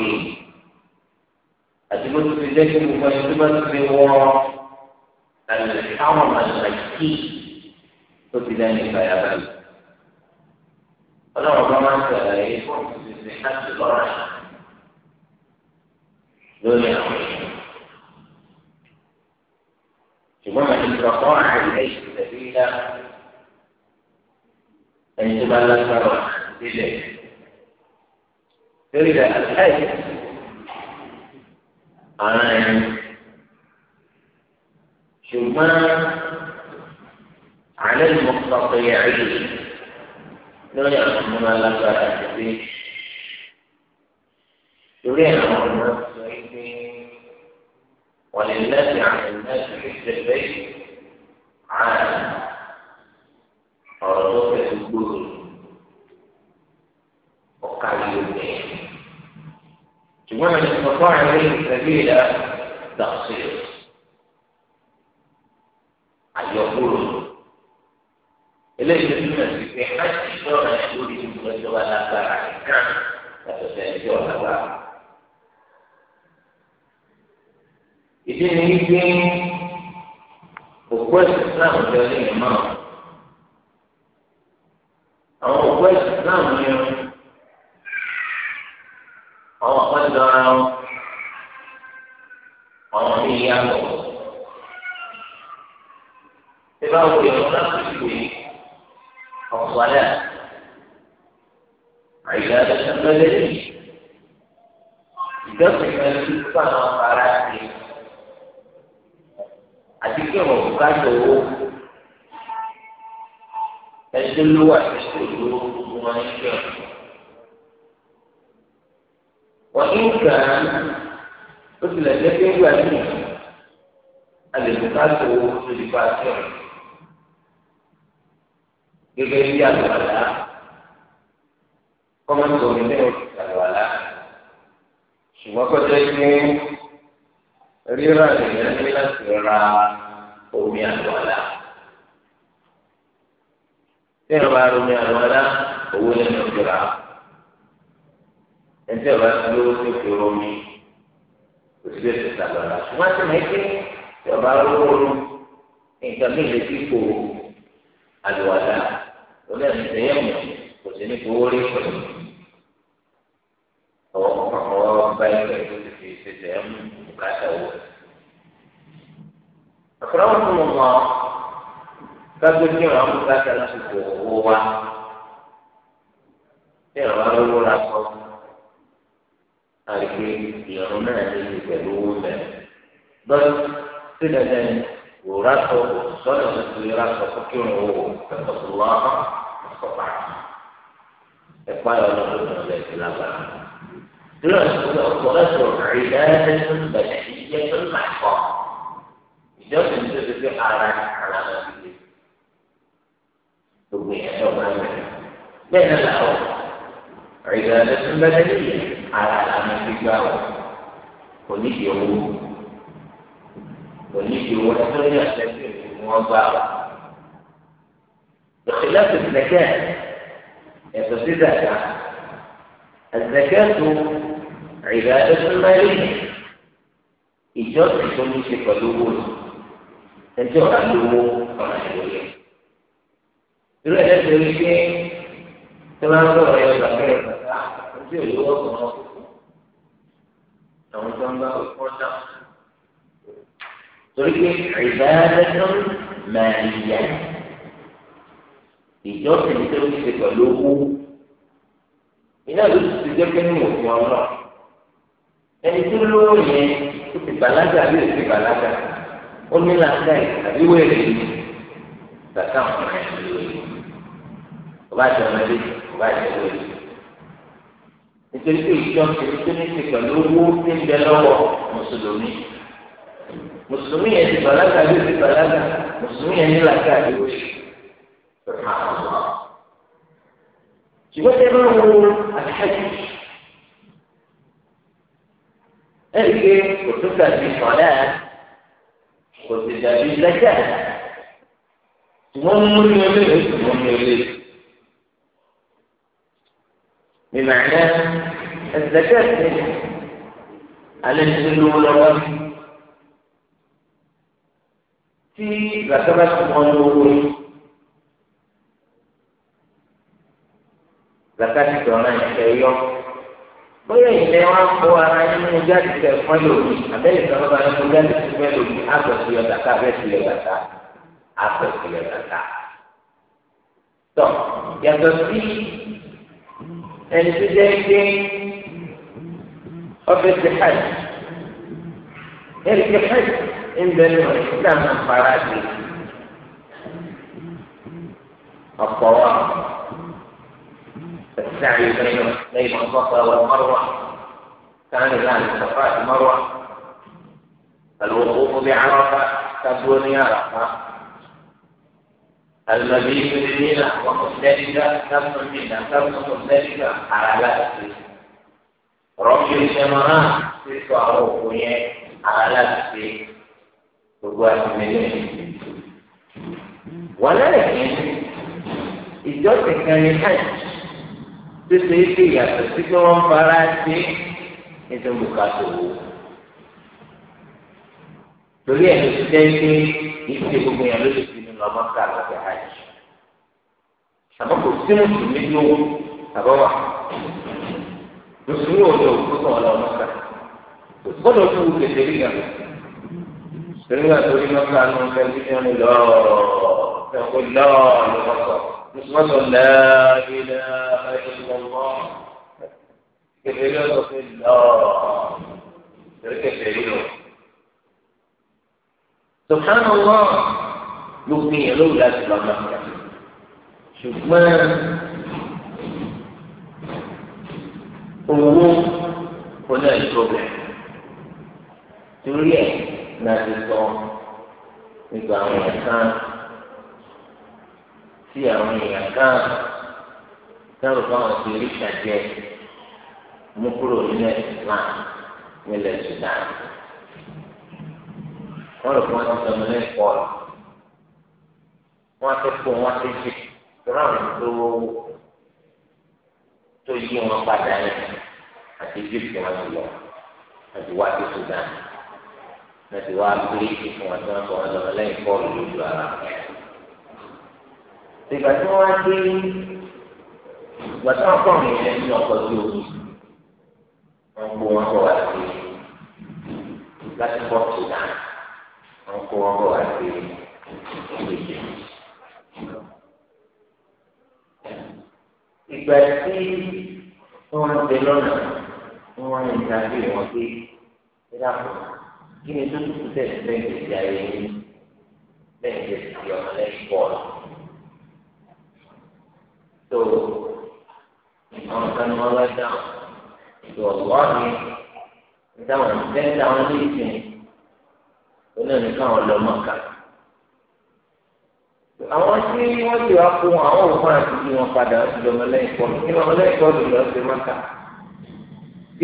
yìí àti bó ti jẹ́ kí gbogbo ẹni tó bá ti fi wọ́ àlùkáwọn àlùkí tó ti lẹ́nu ìgbàyà báyìí. ọlọ́run bá máa ń sọ̀rọ̀ yìí fún ìsinmi láti lọ́ra lórí àwọn èèyàn. ṣùgbọ́n màá ti sọ̀kọ́ àìlẹ́ ìṣẹ̀lẹ̀ bí i dá ẹni tó bá lágbára délẹ̀. lórí rẹ̀ aláìsí ara ẹ̀ ṣùgbọ́n àlẹ́ ìmọ̀kọ́kọ́ yẹ àyè lórí àwọn ọmọ alágbára àti lórí àwọn ọmọ sọ pé wọ́n lè lẹ́sìn àwọn ìlẹ́sìn ìṣẹ̀lẹ̀ ààrẹ. ومن استطاع اليه سبيلا تقصير أن يقول إليه الناس في حج شرع يقولهم وجوا لا ترى كان فتسجوا هذا إذن يجي وقوة الإسلام جالين ما أو وقوة الإسلام يوم àwọn kan dọ̀ra wọn àwọn mi yàtọ̀ ṣé bá wọ ìyọ̀nù láti ìlú yìí àwọn sọ̀rọ̀ àyíká ẹ̀ṣẹ̀ mẹ́lẹ́ yìí ìjọsìn mẹ́lẹ́ yìí fún àwọn ará ti àti kí wọn kò bá jọ owó àti ẹjọ́ gbogbo wọn ní kí wọn. وإن كان مثل الذي يعلم الإنسان في الفاتحة gẹ́gẹ́ bí àlùwàlá kọmọtò nílé àlùwàlá ṣùgbọ́n kọjá pé rírà nìyẹn ní láti ra omi àlùwàlá tí wọ́n bá ra omi àlùwàlá owó lẹ́nu ìjọra ẹni tí ọba ti lówó tó fi romi kò sí lè sọ̀tà lọ́la ṣùgbọ́n tí mo ké tí ọba lówó ro nǹkan mi lè fi kó àlùwàdà lọ́dọ̀ ní sẹ́yìn mọ̀ kò sí ní kówó rí pẹ̀lú ọwọ́ kọ́kọ́ bá ẹgbẹ́ tó ti fi ṣe sẹ́yìn mọ̀ bùkátà wọ̀. àkùrọ̀ wọn fún mi mọ́ kágbóni ọ̀rọ̀ àwọn bùkátà lásìkò owó wa tí ọba lówó ra sọ́kùn àìpé ìrún náà ní ti pẹ̀lú owó mẹ́rin. bẹ́ẹ̀ sí dandan wò rásọ sọ́dọ̀ tuntun rásọ kó kí òun wò ẹ̀kọ́ tó wá ẹ̀kọ́ pàtó. ẹ̀pá yọ ọ́nà tó tún ọ̀lẹ́ ti lágbára. dúró ìṣòro ọ̀pọ̀ lẹ́sọ̀ ìdá ẹ̀ẹ́dẹ́gbẹ̀rún bẹ̀rẹ̀ ìjẹ́ tó ń máa kọ́. ìjọ́sìn tó ti fi ara àlàmọ́ ìdílé. gbogbo ìyẹn náà عبادة بدنية على الأمر التجارة onídìí owó onídìí owó ẹgbẹ́ ní ọ̀sẹ̀ tí wọ́n gbà wá. ìkìlẹ̀ tó zẹ̀kẹ́ ẹ̀sọ́ sí zẹ̀kẹ́ zẹ̀kẹ́ tó ìdá ẹgbẹ́ mẹ́rin ìjọsìn tó ní ṣe pẹ̀lú owó ẹjọ́ ọ̀rá ló wó ọ̀rá ìwé yẹn. irú ẹ̀dẹ́ tó rí pé tí wọ́n á ń sọ̀rọ̀ yọ ọ̀gá fẹ́rẹ̀ tí ò lówó ọ̀sán náà àwọn tó ń bá wọn dá. torí pé ìbáraẹnìtàn máa ń yá ìjọsìn tó ń ṣe pẹ̀lú owó iná ló ti jẹ́ pé nínú òfin ọ̀nà ẹni tó lówó yẹn ó ti bàlágà bí ó ti bàlágà ó ní làákàyè àbí wẹ́ẹ̀rẹ̀ yìí bàtà ọ̀rẹ́ ìlú yìí ọba àti ọmọdé ọba àti ọmọdé nítorí pé ìjọ kìí tó ní ti pẹ̀lú owó ní bẹ lọ́wọ́ mùsùlùmí mùsùlùmí yẹn ti bàlágà ló ti bàlágà mùsùlùmí yẹn ní làákà ló ṣe ṣùgbọ́n tẹ́ máa wo àtẹ́jú ẹ̀ ń gbé òtún tàbí sọ̀rọ̀ ẹ̀ kò sì dàbí lẹ́jà ṣùgbọ́n mú ní olóòlù ṣùgbọ́n mú olóòlù. بمعنى ẹsẹ̀ tẹ̀sí alẹ́ ti lówó lọ́wọ́ tí gbàtọ́ba ti mọ lówó yìí zakati dọ̀nà ìṣẹ̀ yọ bóyá ìlẹ̀ wa kó ara nínú jáde tẹ̀ fún lòdì abẹ́lẹ̀ sọ̀rọ̀ bá nínú jáde tẹ̀ fún lòdì àgbẹ̀sí ọ̀dà ká àgbẹ̀sí ọ̀dà ká àgbẹ̀sí ọ̀dà ká. tọ́ yàtọ̀ sí ẹni tó jẹ́ pé. of الجهاد الجهاد عند الإسلام الفرادي الطواف السعي بين بين الصفا والمروة كان ذلك الصفا والمروة الوقوف بعرفة كالدنيا رفعه المبيت بالمينا ومختلفة كم من مينا كم مختلفة على ذلك rọ́bì ìṣẹ̀mọ́ra sísọ àwọn òkú yẹn aláṣẹ gbogbo àtìmẹ́lẹ́. wọ́n lẹ́yìn kí ìjọsìn kan ní hajj tó ṣe é ṣe ìyàtọ̀ sí pé wọ́n fara ṣe nítorí bùkátà owó. torí ẹ̀ ló ti jẹ́ pé ìṣe gbogbo yẹn ló lè fi nínú ọmọ ká lọ́sẹ̀ hajj. àmọ́ kò sí mùsùlùmí lówó àbọ̀wà. mùsùlùmí ò lè òkú kọ̀ lọ mọ́kà gbọ́dọ̀ tó wù kéde rí gàmù torí wà torí mọ́kà ló ń fẹ́ bíi ẹni lọ́ọ̀ ẹ̀kọ́ lọ́ọ̀ ló mọ́ sọ mùsùlùmí sọ lẹ́ẹ̀bí lẹ́ẹ̀bí lọ́wọ́ kéde rí ọ̀sọ̀ fẹ́ lọ́ọ̀ torí kéde rí lọ. سبحان الله لو بني لو لا تبقى مكة شوف ما owó oní ẹ̀dúróbẹ̀ torí ẹ̀ náà ti sọ nípa àwọn èèyàn kan tí àwọn èèyàn kan dárò fáwọn ti rí ìṣàjẹ mú kúrò nínú Islam nílẹ̀ Sudan wọ́n lọ fún wọn ti sọ ní pọ́ọ̀lù wọ́n ti kó wọn ti jì tó ráwọn tó tó yí wọn padà yẹn àti egypt wọn ti lọ àti wá sí sudan àti wá gíríkì fún wọn tí wọn sọ wọn lọ lẹ́yìn bọ́ọ̀lù lójú ara ìgbà tí wọn wá dé ìgbà tí wọn kọ ọrùn yẹn ní ọkọ̀ tí o wọn kó wọn kọ wá sí láti bọ sudan wọn kó wọn kọ wá sí egypt ìgbà tí wọ́n ń ṣe lọ́nà wọ́n wá ní ìdájọ́ ìwọ̀n pé ẹ dàpọ̀ kí ni tó tún tẹ̀ lẹ́yìn ìdí ayé yín lẹ́yìn ìdí ìdí ọmọ lẹ́yìn tó àwọn kan ní wọ́n bá dáhùn tó ọ̀gbọ́n mi dáhùn lẹ́yìn dáhùn lẹ́yìn tó náà ní kan àwọn tí wọ́n ti wá fún àwọn òfin àti ìdí wọn padà láti lọ́mọlẹ́yìn pọ̀ kí lọ́mọlẹ́yìn pọ̀ lò lọ́ọ́ ṣe má kà.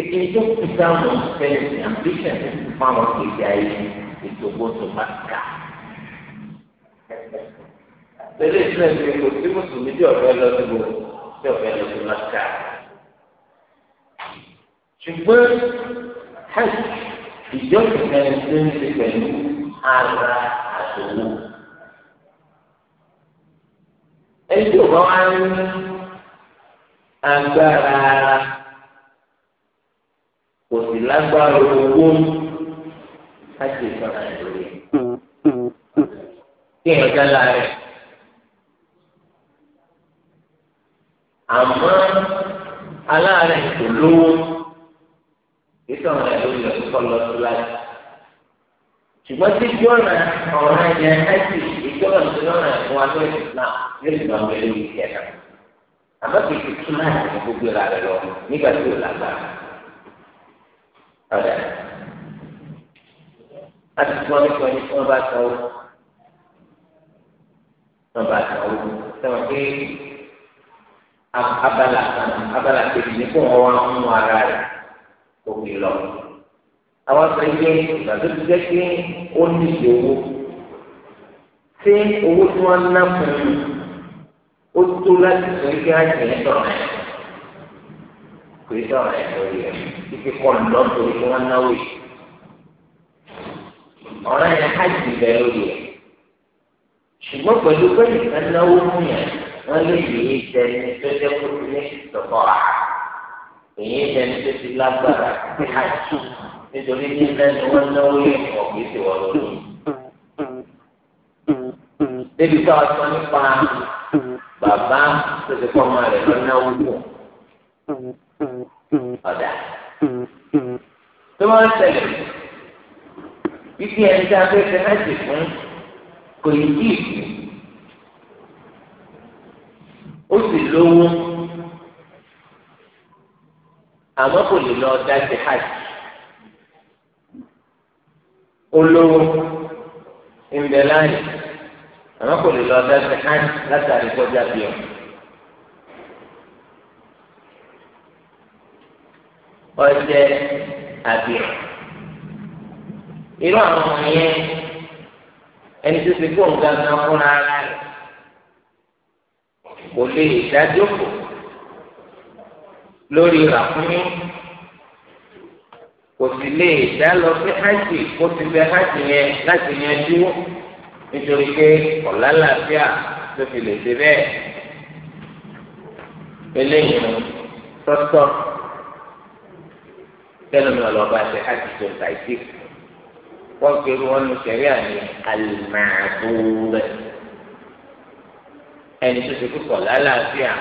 Èyí tó kù sáwọn fẹ́ẹ̀sì ambition fáwọn kéde ayé ìdògbò tó má kà. Lẹ́lẹ́ ìsúná ìlú Èkó tí Mùsùlùmí tí ọ̀fẹ́ lọ tí ọ̀fẹ́ lọ sí Ṣùgbọ́n ìjọ́sìn kan ń ṣe pẹ̀lú ara àtòwò ẹni tí òbá wa ń agbára ara kò sì lágbára owó láti ìfọ̀nà ìlú kí ẹ̀ dára rẹ̀ àmọ́ aláàárẹ̀ kò lówó ìtàn rẹ̀ ló yẹ kó lọ sí láti ṣùgbọ́n tí jọ́nà ọ̀ràn yẹn láti ìjọba ìjọba wa ló ní islam yóò sì máa wọlé lórí ìṣẹ̀ náà àmọ́ kì í ti tún náà ní gbogbo ìlà rẹ̀ lọ nígbà tí ò lágbára. ọ̀dà a ti tún ọdún kan ní tí wọ́n bá sanwó wọ́n bá sanwó sẹ́wọ̀n pé abala kan abala kejì ní kó wọ́n wá mú ara rẹ̀ kó fi lọ. àwọn sọ ilé ìgbà tó ti jẹ́ pé ó ní ìṣòwò ṣé owó tí wọ́n ná fún un ó tó láti sọ ike àjẹ ẹ̀dọ̀rọ̀ ẹ̀ kò í dọ̀rọ̀ ẹ̀ lórí ẹ̀ ike kọ́ ńlọ torí kí wọ́n náwó yìí ọ̀rọ̀ yẹn hajj bẹ̀ lórí ẹ̀ ṣùgbọ́n pẹ̀lú pẹ̀lú kan náwó fún yẹn wọ́n lè yìí dẹni tó jẹ́ kó ti ní ìtọ́kọ̀ rà èyí dẹni tó ti lágbára ti hajj nítorí ní lẹ́nu wọn náwó yẹn kọ̀ kì ti wọ́n lórí débi ká ọtọ nípa bàbá tó ti kọ́ ọmọ rẹ̀ lọ́nà owó ọ̀dà. tó wọ́n ń tẹ̀lé kíkí ẹni tí a fẹ́ fẹ́ náà ti fún kò ní kí ìkú ó sì lówó àmọ́ kò lè lọ dá sí hajj olówó ń bẹ láàyè àmọ́ kò lè lọ lẹ́sẹ̀ hàn látàrí kọjá bí ọ. ọjẹ àbíọ irú àwọn ọmọ yẹn ẹni tó ti kó nǹkan kan fúnra ara rẹ̀ kò lè dájókòó lórí ràkúnmí kò sì lè dá lọ sí hajj kó ti fẹ́ hajj yẹn láti yanjú nítorí pé ọ̀la làbíà ló fi lè ṣe bẹ́ẹ̀ eléyìí tọ́tọ́ tẹnumí ọlọ́ba ṣe hajj tó ta ìdí wọ́n kiri wọn nu sẹ̀rí àmì alìmàdúrẹ́ ẹni tó ṣe kúkọ̀ ọ̀la làbíà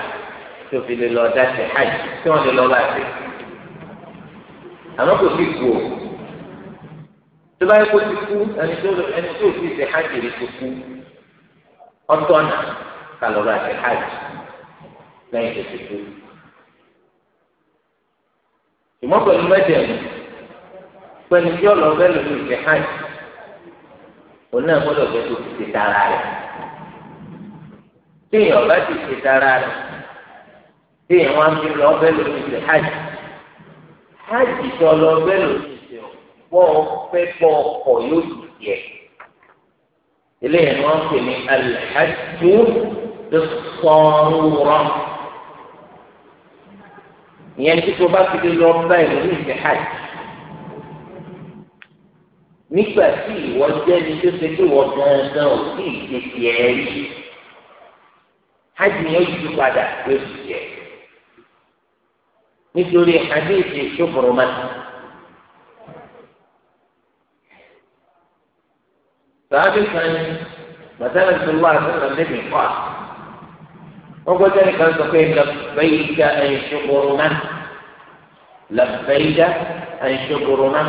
tó fi lè lọ́ọ́ dá ṣe hajj tí wọ́n lè lọ́ọ́ bá ṣe àmọ́ kò sí kú o tó bá yẹ kó ti kú ẹni tó ẹni tó fi ṣe hajj rí ti kú ọtọ́nà kàlọ́rọ̀ àti hajj lẹ́yìn tó ti kú. ìmọ̀ pẹ̀lú mẹ́jẹ̀mú pẹ̀lú tí ọlọ́ọ̀bẹ lòlù ṣe hajj òun náà gbọ́dọ̀ bẹ tó ti ṣe dára rẹ̀ tí èèyàn bá ti ṣe dára rẹ̀ tí èèyàn wá ń bí lọ́ọ́bẹ lòlù ṣe hajj hajj tí ọlọ́ọ̀bẹ lòlù bọ́ ọ fẹ́ bọ́ ọkọ̀ yóò sì yẹ. eléyìí ni wọ́n ń pè ní alhaji ló sọ̀rọ̀ ìyẹn ní kíkọ́ bá fi lọ bá ìlú ìfẹ́ hajj nígbà tí ìwọ jẹ́ ní tó ṣe pé ìwọ gan ò sí ìgbésí ẹ̀ rí hajj yẹn yí padà lóṣù yẹ nítorí hajj ti ṣubùrù sàábì kan ní màtẹ́lẹ̀ tó wà sílẹ̀ níbi kọ́ wọ́n gbọ́dọ̀ nìkan sọ pé làbẹ́yìíjà ẹ̀ṣọ́gbọ̀rọ̀ náà làbẹ́yìíjà ẹ̀ṣọ́gbọ̀rọ̀ náà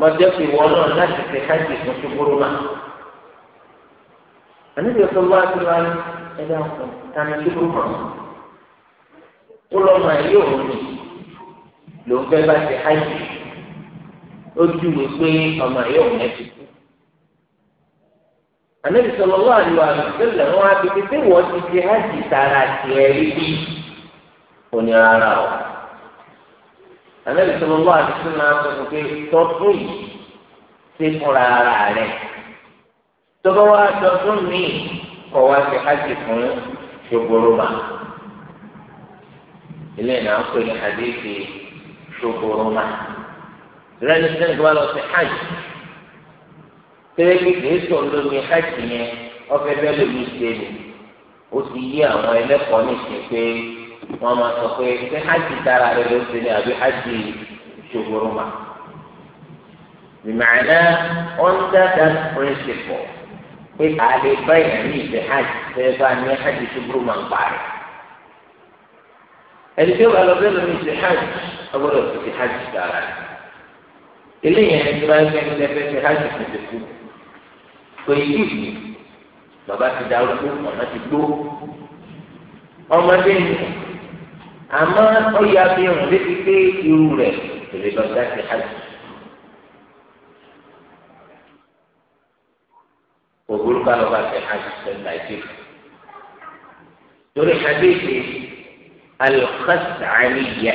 mọ̀jẹ́ fi wọ́n náà láti fi káàdì ẹ̀ṣọ́gbọ̀rọ̀ náà. àníbi ọ̀sán wá sí wa ní ẹ̀dá ọ̀sán tani ṣubúrú mọ̀ ó lọ́ mọ ẹ̀yẹ́ òun ni fẹ́ bá ti háyì ó dùn mí pé ọmọ ẹ̀yẹ́ òun anabi sallallahu alaihi wasallam wọn abẹbẹ pé wọn ti di hajj tara tiẹ̀ rí bí òní rárá o anabi sallallahu alaihi wasallam náà sọ pé tọdún yìí ṣe fúnra ara rẹ̀ tọba wa tọdún míì kọ wá sí hajj fún ṣogoroma ilé náà ń pè ní hadithi ṣogoroma rẹ ní sẹ́ńtì wa lọ sí hajj tẹ́lẹ̀ kìí sọ lómi hajj yẹn ọ̀fẹ́ bẹ́ẹ̀ lómi ṣe ni ó ti yí àwọn ẹlẹ́kọ̀ọ́ nìṣẹ́ pé wọ́n máa sọ pé ṣé hajj dára rẹ̀ ló ṣe ni àbí hajj ṣògbóró ma. ìmọ̀lẹ́ under that principle pé àlè báyìí ní ìṣe hajj tẹ́lẹ̀ bá ní hajj ṣògbóró ma ń parí. ẹni tí ó bá lọ bẹ́ẹ̀ lómi ṣe hajj ọgbọ́dọ̀ ti ṣe hajj dára rẹ̀. eléyìí ẹni tí wọ́n fẹ́ ní ẹgbẹ́ ṣe hajj kò pé yìí bàbá ti darúgbó màmá ti gbó ọmọdé ni àmọ́ ọyà bí irun létí pé irú rẹ̀ tèrè lọ́dá ti hajj. òwúrọ̀ bá lọ́ba ti hajj pẹ̀lú nàìjíríà torí hadithi alkhasaniya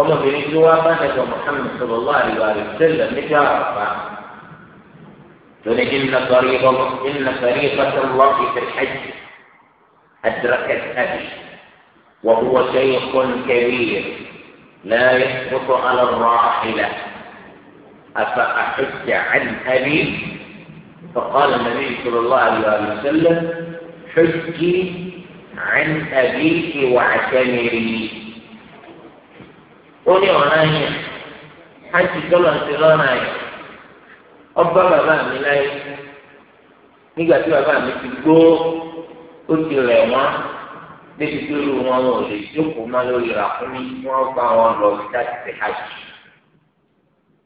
ọmọbìnrin tí wọ́n bá nàìjíríà Muhammad sallallahu alaihi wa sallam níjọ́ àràfà. لأن إن طريقة إن الله في الحج أدركت أبي وهو شيخ كبير لا يسقط على الراحلة أفأحج عن أبي فقال النبي صلى الله عليه وسلم حجي عن أبيك واعتمري قولي ونايا حجي كما انتظار ọba bàbá mi láyé nígbà tí bàbá mi ti gbó ó ti rẹ̀ wọ́n débi tó lù wọn wọn ò lè jókòó má lórí rà fún mi wọ́n bá wọn lọ sí láti ṣe hajj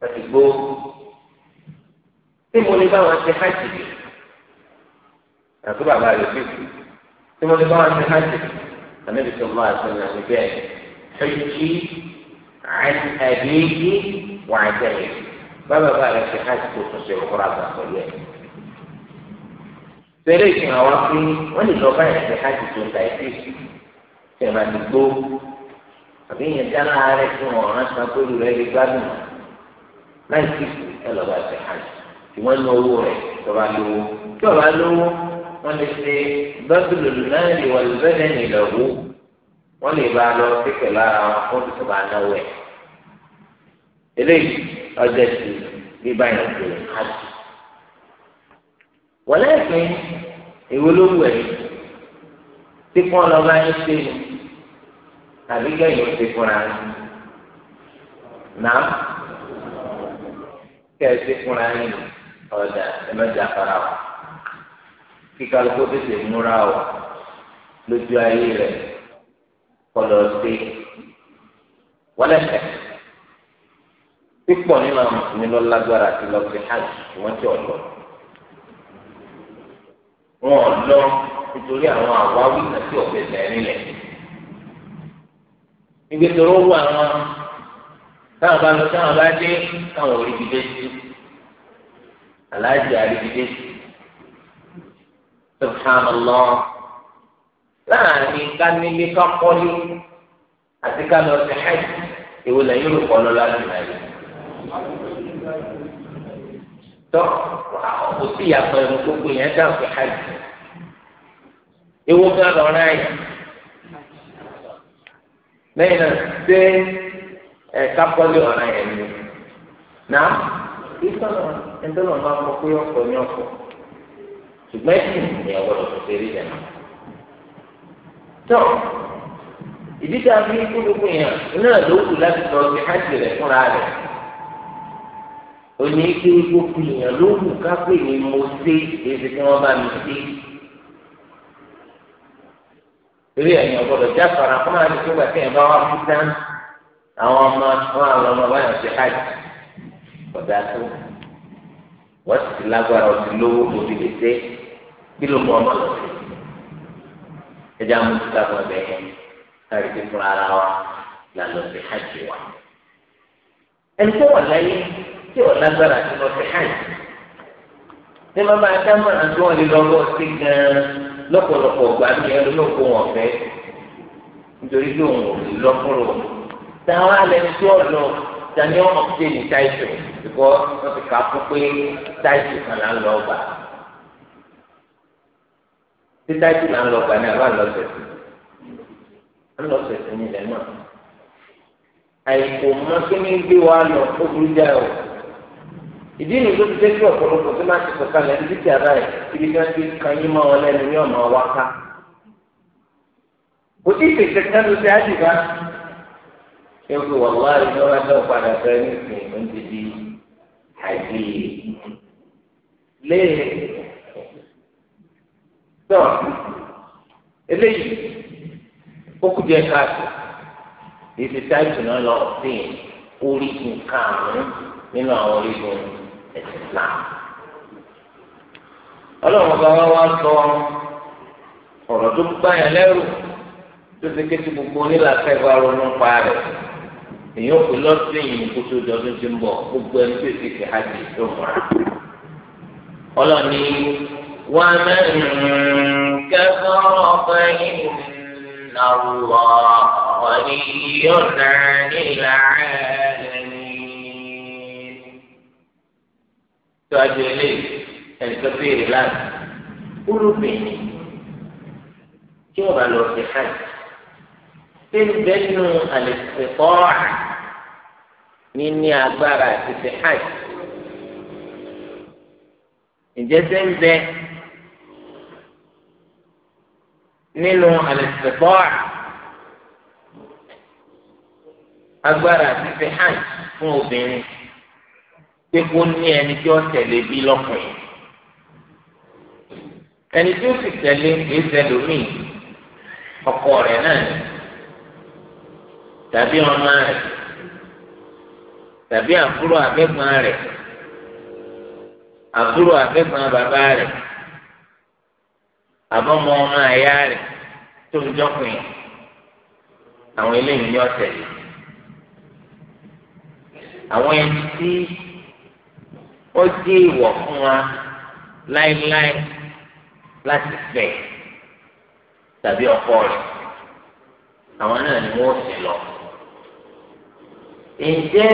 wọ́n ti gbó tí mo lè bá wọn ṣe hajj bì àti bàbá rẹ̀ bí kú tí mo lè bá wọn ṣe hajj bì ànábi sọ fún àṣẹ náà níbẹ̀ ṣèjì àti àbíyí wà á jẹ́ yìí bá bàbá rẹ ṣe hajj tó tún ṣe òkúra gbà pẹ̀lú ẹ̀. Sẹ́lẹ̀ ìfihàn wa pé wọ́n lè lọ báyìí ṣe hajj tó ta ẹ̀ sí ìṣẹ̀mà nígbó. Àbí ìyẹn dáná rẹ̀ tí wọ́n rán san pẹ̀lú rẹ̀ lè gbádùn. Láì sí ẹ lọ́ba ṣe hajj tí wọ́n ná owó rẹ̀ tọ́ba lówó. Tí ọ̀ba lówó wọ́n lè ṣe bẹ́bìlì náà lè wà ọjọ́ ti bíbá yẹn kò lè ká sí. wọ́n lẹ́sìn èwo ló wù ẹ́ tí kò lọ bá yín ṣe ni tàbí kẹ́yìn ti fúnra yín nàá kẹ́yìn ti fúnra yín ọ̀dà ẹ̀mẹ́jà fara wa kíkálukú tètè múra wa lójú ayé rẹ̀ kọlọ̀ sí wọ́n lẹ́sìn pípọ̀ nínú àwọn mùsùlùmí lọ lágbára àti lọ sí hajj wọ́n ti ọ̀lọ́. wọn ò lọ nítorí àwọn àwáwí àti ọ̀bẹ mẹ́rin lẹ̀. ìgbésòro wù àwọn táwọn bá lọ táwọn bá dé táwọn ò rí ibi dé sí aláàjì àríbidé subhanallah láàrin kánilé kápọ́lé àti kánilé ọ̀sẹ̀ hajj ìwòlẹ̀ yóò kọ́ lọ láti nàìjíríà tọ́ kò sí ìyàtọ̀ ẹ̀rù gbogbo yẹn dáhùn pé hajj ewu gan lọ́ra yìí lẹ́yìn náà ṣé ẹ̀ka pọ́lì ọ̀ra yẹn ni náà ìtọ́nà ẹ̀ńtọ́nà máa kọ pé ọkọ̀ ní ọkọ̀ ṣùgbọ́n ẹ̀sìn ni ọ̀gbọ́dọ̀ tó ṣe rí jẹ̀ náà tọ́ ìdí gbogbo yẹn náà ló láti sọ sí hajj rẹ̀ fúnra rẹ̀ oní ike gbogbo èèyàn ló wù ká pè ní mo sé èsì kí wọ́n bá mi sé eré ẹ̀yìn ọ̀gbọ́dọ̀ já fara fún àwọn ẹni tó gbà kéèyàn bá wà fún tán àwọn ọmọ fún àwọn ọmọ báyọ̀ ṣe hajj ọ̀dà tó wọ́n sì ti lágbára ọtí lówó kò lè sé kí ló mú ọmọ lọ sí ẹjẹ amúlùkọ àgbọ̀dẹ yẹn káyọ̀ ti fún ara wa là lọ hajj wa ẹni tó wà láyé tí ò lágbára àti lọ sí hajj tí màmá adámọ̀ àti wọn lè lọ lọ sí gan lọ́pọ̀lọpọ̀ ọ̀gbà mi ẹni ló kó wọn fẹ́ nítorí pé òun ò lè lọ fúnra òun táwọn alẹ́ ní tí ò lọ tani ọmọ kúndé ní táìsì ìkọ́ wọn ti kà á fún pé táìsì kan là ń lọ gbà tí táìsì là ń lọ gbà ní àbá lọ sẹ̀sì ń lọ sẹ̀sì nílẹ̀ náà àìkò mọ́kínní gbé wa lọ ó burú jáì o ìdí ìlú tó ti dé sí ọ̀pọ̀lọpọ̀ tó máa ti sọ̀kan lẹ́nu títí àbáyé ibi tí wọ́n ti kan yín mọ́ wọn lẹ́nu ní ọ̀nà wa ká. kò tí ì pèsè kan ló ti àdìbá. ṣé o fi wà wá ìjọ wa dán padà fẹ́ ní ìsìn ló ń ti di àìsí léèrè. tọ́ eléyìí ó kù díẹ̀ káàtó èsì táìtì náà lọ sí orígun karùn-ún nínú àwọn orígun ẹ̀sìn Islam ọlọ́run ọba wa wá sọ ọ̀rọ̀ tó gbáyà lẹ́rù tó ti ké tí gbogbo onílàáfẹ́ bá ronú pa rẹ̀ èyí ò fi lọ́sìn yìí kó tó dọdún ti ń bọ̀ gbogbo ẹni tó ti fi hajj tó múra ọlọ́ni wà mẹ́rin kẹfọ́ ọ̀pẹ ìnáwó ọ̀rí náà nílà ẹ̀ tó a jẹ eléyìí ẹnìkan béèrè lánàá olùbẹ̀yìn tí wọn bá lọ sí hajj tí ń bẹ nínú àlẹsẹkọọà níní agbára àti sí hajj ǹjẹ́ sẹ́ ń bẹ nínú àlẹsẹkọọà agbára àti sí hajj fún obìnrin pé kó ní ẹni tí ó tẹ̀lé bí lọ́kùnrin ẹni tí ó sì tẹ̀lé kìí ṣẹlòmíì ọkọ rẹ̀ náà ni tàbí ọmọ rẹ̀ tàbí àbúrò àbẹ́gbọ́n rẹ̀ àbúrò àbẹ́gbọ́n bàbá rẹ̀ àbọ̀mọ ọmọ àyá rẹ̀ tó ń jọkùn yìí àwọn eléyìí ni ọ̀tẹ̀ àwọn ẹni tí ó jẹ́ ìwọ̀ fún wa láéláé láti fẹ́ tàbí ọkọ rẹ̀ àwọn náà ni wọ́n sì lọ. ǹjẹ́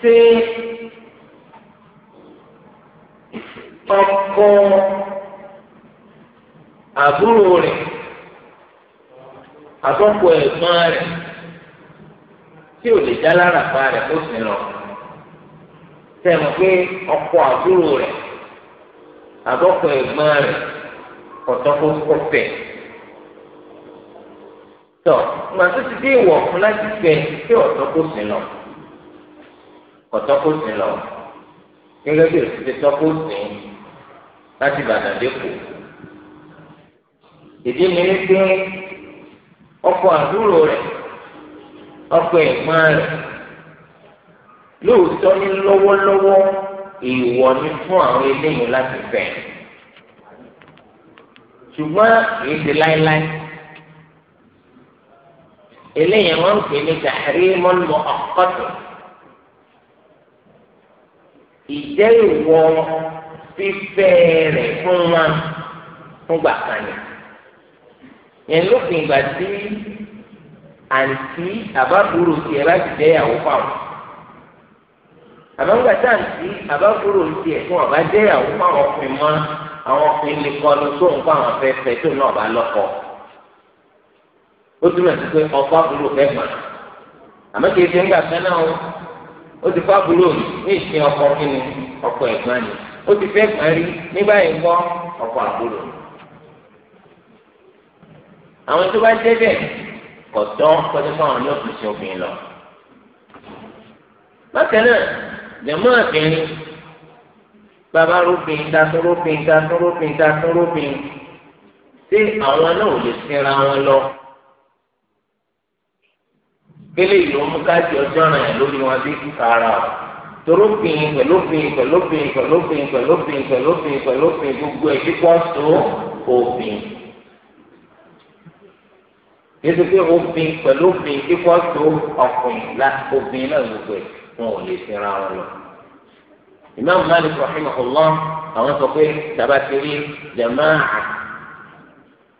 ṣé ọkọ àbúrò rẹ̀ àtọ́kọ ẹ̀gbọ́n rẹ̀ tí ò lè dá lára pa rẹ̀ kó sì lọ? sẹ́mu pé ọkọ àbúrò rẹ̀ àbọ̀kọ ẹ̀gbọ́n rẹ̀ kọ̀tọ́kọ́ kọfẹ́ tọ́ màtó ti dé ìwọ̀ fún láti fẹ́ kí lọ kọ̀tọ́kọ́ sí lọ gẹ́gẹ́ bí òsì ti tọ́kọ́ sí láti bàtà dẹ́kù ìdí mi ní pé àbúrò rẹ̀ ẹ̀gbọ́n rẹ̀. lóòótọ́ ní lọ́wọ́lọ́wọ́ èèwọ̀ ni fún àwọn eléyìí láti fẹ́ ṣùgbọ́n èyí ti láéláé eléyìí wọn ń pè ní tahrimul mu'aqqat ìjẹ́ ìwọ fífẹ́ rẹ̀ fún wa fúngbà kan ni yẹn lópin ìgbà tí àǹtí àbábúrò tiẹ̀ bá jẹ́ ìyàwó fáwọn àbámgbà táǹtì àbáfúrò ń tiẹ̀ fún ọ̀bá jẹ́ àwọn fún àwọn ọkùnrin mọ́ àwọn ọkùnrin lè kọlu tó ń kọ́ àwọn afẹ́fẹ́ tó náà bá lọ́kọ̀ ó túmọ̀ sí pé ọ̀fọ́ àbúrò fẹ́ gbà àmọ́ kìí ṣe ń gbà fẹ́ náà ó ti fọ́ àbúrò ní ìsìn ọkọ kínní ọkọ ẹ̀gbọ́n ni ó ti fẹ́ gbà rí nígbà yìí gbọ́ ọkọ àbúrò àwọn tó bá dé bẹ́ẹ̀ kọ̀tọ́ kọjá jẹmọ àkẹrin bàbá rúbin dákún rúbin dákún rúbin dákún rúbin tí àwọn náà ò lè sinra wọn lọ kele ìlú mú káàdì ọjọ́ ọ̀ràn yẹn lórí wọn bí kíkà ara o torópin pẹ̀lópin pẹ̀lópin pẹ̀lópin pẹ̀lópin pẹ̀lópin pẹ̀lópin gbogbo ẹ̀ kíkọ́ so òfin yíṣu pé òfin pẹ̀lópin kíkọ́ so ọ̀fìn la òfin náà gbogbo ẹ̀ wọn ò lè sinra wọn lọ. imam malik rahimahullah àwọn sọ pé tàbá ti rí jamaa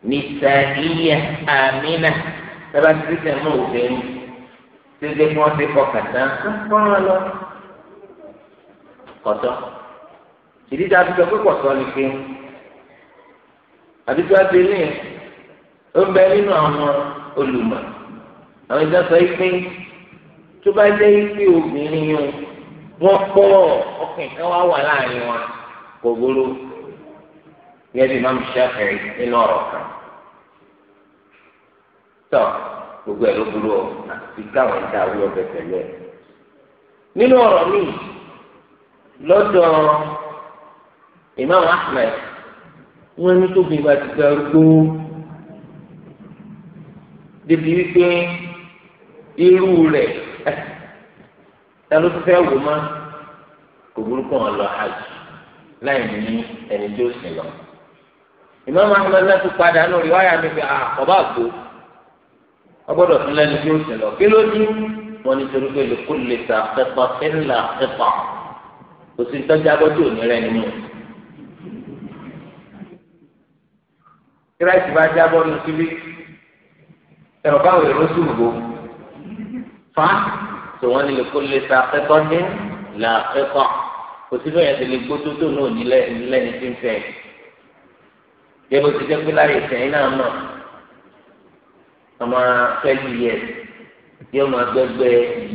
nisaiya amina tàbá ti rí sẹ́mu òbẹ́ni tẹ́lẹ̀ kí wọ́n ti fọkàn tán fọ́nrán lọ kọ́tọ́ ìdí tá a pé kọ́tọ́ ni pé àbí tí ó ń bẹ nínú àwọn olùmọ̀ àwọn ìjọsọ yìí tó bá jẹ́ ife obìnrin yìí wọ́n pọ̀ ọkùnrin kan wá wà láàrin wọn kò burú yẹ́n bí máa ń ṣàfẹ́ nínú ọ̀rọ̀ kan tọ́ gbogbo ẹ̀ ló burú ọ àti káwọn ẹ̀dá wí ọbẹ̀ tẹ̀lé nínú ọ̀rọ̀ míì lọ́dọ̀ Imam Ahmed wọ́n ní tóbi ìgbà ti darúgbó débi wípé irú rẹ̀ ẹ ta ló fẹ́ wò má kò burúkú wọn lọ hajj láì ní ẹni tí ó sì lọ ìmáàmù ahmed náà tún padà nù rí wáyà mi pé ah, ọba àgbo ọgbọ́dọ̀ tún lẹ́nu tí ó sì lọ kí ló ní wọn nítorí pé lè kó lè ta pẹpọ fẹlẹ pẹpọ kò sí tọ́jú abọ́jú òní rẹ nínú. kíláàsì bá jábọ́ ní síbí ẹ̀rọ báwo èrò sùn gbòó fa tó wọn lè kó lè ta akẹ́kọ̀ọ́ ní là akẹ́kọ̀ọ́ kò sí bẹ́ẹ̀ tẹ̀lé gbótó tó náà nílẹ̀ nílẹ̀ ní ti ń fẹ́ yẹ́bù ti jẹ́ pé láyé ìsẹ̀yìn náà mọ̀ ọmọ twenty years yóò máa gbẹgbẹ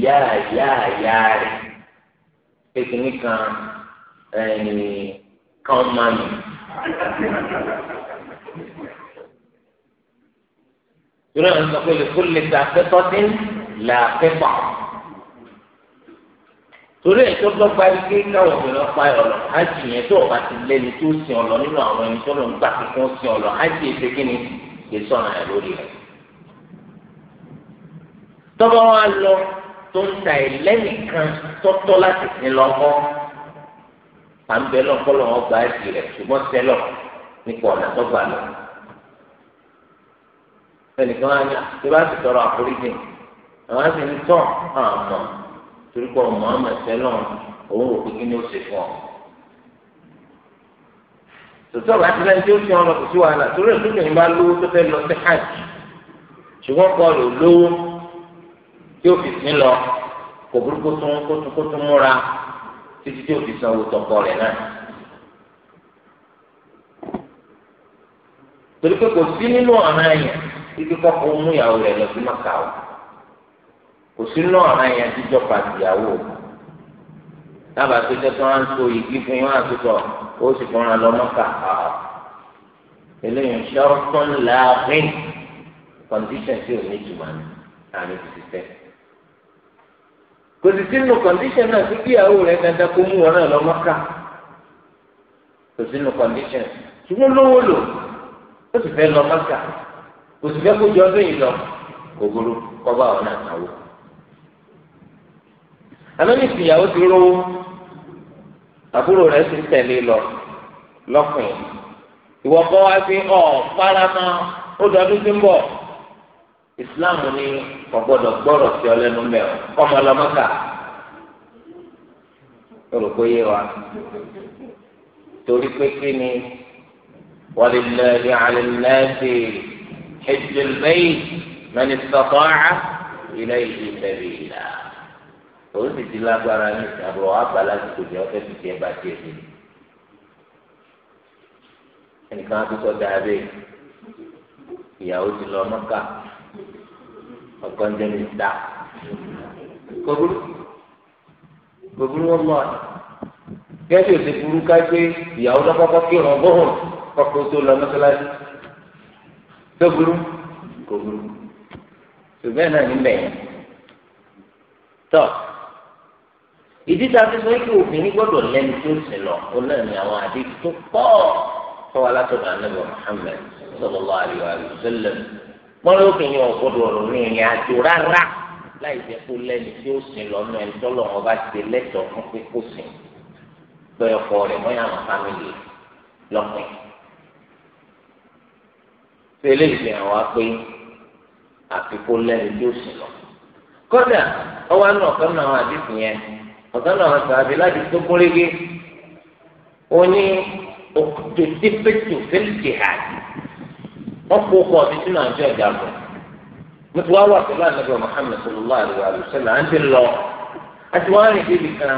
yáa yáa yáa rẹ̀ pé kìnnì kan kan máa nù. Yorùbá ń sọ pé lè kó lè ta akẹ́kọ̀ọ́ ní làákẹ́pà torí ẹ̀ tó dọ́gba ike káwọn obìnrin pa ẹ̀ ọ̀lọ́ hajj yẹn tó ọba ti lẹ́ni tó sin ọ̀lọ́ nínú àwọn ẹni tó lọ ń gbà kíkún sin ọ̀lọ́ hajj ètò kíni lè sọ̀nà ẹ̀ lórí rẹ̀ tọ́gbọ́ wa lọ tó ń ta ẹlẹ́nìkan tọ́tọ́ láti sin lọ́kọ́ à ń bẹ lọ́kọ́lọ́ wọn ẹ̀sìn rẹ̀ ṣùgbọ́n sẹ́lọ̀ nípa ọ̀nà tọ́gbà lọ ẹnìkan wá ní àwọn àti ń tọ̀ àmọ̀ torí pé ọmọ ọmọ ẹ̀sẹ̀lọ̀ òun rò pé kí ni ó ṣe fún ọ. tòtò ọ̀gá ti lẹ́yìn tí ó ti ọ̀nà kò sí wàhálà torí èso kìíní bá lówó tó fẹ́ lọ sí hajj ṣùgbọ́n kọ́ lò lówó tí ó fi sí lọ kò burúkú tún kó tún múra títí tí ó fi sanwó tọkọ rẹ̀ náà. torí pé kò sí nínú ọ̀nà ẹ̀yàn títí kọ́kọ́ mú ìyàwó rẹ̀ lọ sí Mákàá kò sí náà ara yẹn jíjọ pàtìyàwó dábàá pé tẹ́tọ́ á ń so igi fún yín wá àtúntò ó sì fúnra lọ́mọ́kà eléyìí ṣọ́ọ́tún láàrin kọ́ndíṣàn tí ò ní ìtumọ̀ ní àárín títí tẹ́. kò sì sínú kọ́ndíṣàn náà tí kíyàwó rẹ̀ dandan kó mú wọn náà lọ́mọ́kà kò sínú kọ́ndíṣàn ṣùgbọ́n lówó lò ó sì fẹ́ lọ́mọ́kà kò sì fẹ́ kó jọ ọdún yìí lọ kò burú kọ́ bá wọn náà náwó àmọ́ ní ìsìyàwó ti rówó àbúrò rẹ̀ sì ń tẹ̀lé lọ lọ́kùnrin ìwọ kọ́ wá sí ọ̀ farama ó dọdún sí ń bọ̀ Islam ní ọ̀gbọ́dọ̀ gbọ́rọ̀ sí ọ lẹ́nu mẹ́ọ̀ ọmọ ọlọ́mọ́kà ó yé wa torí pé kí ni ولله على الناس حج البيت من استطاع إليه سبيلا òun sì ti lágbára ní ìsàbọ̀ àbá lásìkò jẹ́ ọ́fẹ́ fi tiẹ̀ bá tiẹ̀ dé ẹnìkan akókò dáadé ìyàwó ti lọ mọ́kà ọkọ ń jẹ́mi dá kọ́búrú kọ́búrú wọn lọ gẹ́gẹ́ òsè burú ká pé ìyàwó lọ́kọ́kọ́ kí ọ̀rọ̀ bọ́hùn kọ́kọ́ tó lọ mọ́sálásí kọ́búrú kọ́búrú ṣùgbọ́n náà níbẹ̀ tọ́ ìdí tá a fi sọ pé obìnrin gbọ́dọ̀ lẹ́nu tó sì lọ òun náà ni àwọn àdéhùn tó pọ̀ tọ́wọ́ alátọ̀dọ̀ anábì Muhammad sallallahu alaihi wa sallam mọ́lẹ́ obìnrin ọ̀gbọ́dọ̀ rìn ìrìn àjò rárá láì jẹ́ kó lẹ́nu tó sì lọ nù ẹni tọ́lọ̀ wọn bá ti lẹ́tọ̀ọ́ fún pé kó sìn pé ọkọ rẹ̀ mọ́ yàrá fámìlì lọ́pìn. fẹlẹ́ ìfihàn wa pé àfikún lẹ́nu tó sì lọ kódà ọwọ́ àná ọ̀kan náà àdéhùn yẹn ọ̀sán náà sàbí láti tó kúnlẹ́gẹ́ ó ní òkùtò dípẹ́tù fẹ́lìkì hàdì wọ́n kó kọ́ ọ̀bí sínú àjọ ìjàgbọ́n mo ti wá wà pẹ̀lú ànágbé Muhammad sallallahu alayhi wa sallam à ń ti lọ àti wọ́n á rìn débi kan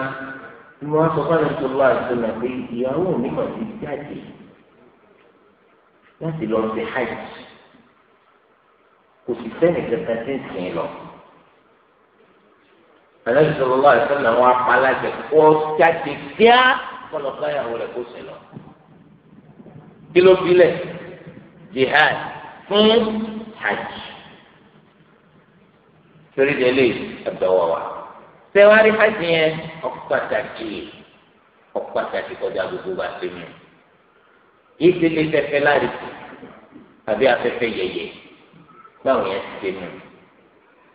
ni wọ́n sọ fún ànágbé sallallahu alayhi pé ìyàwó mi kàn ti jáde láti lọ sí hajj kò sì fẹ́ẹ̀ nìkan kan tí lọ. Ànábì sallallahu alaihi wasallam àwọn apalájẹ kó jáde kíá kọlọ báyàwó rẹ̀ kó sì lọ. kí ló bilẹ̀ jihad fún hajj torí délé ẹ̀dọ̀wọ̀ wa. sẹ́wárí hajj yẹn ọ̀pàtàkì ọ̀pàtàkì kọjá gbogbo bá ti mú. ìdílé fẹ́fẹ́ láàrin àbí afẹ́fẹ́ yẹyẹ báwọn yẹn ti dé mú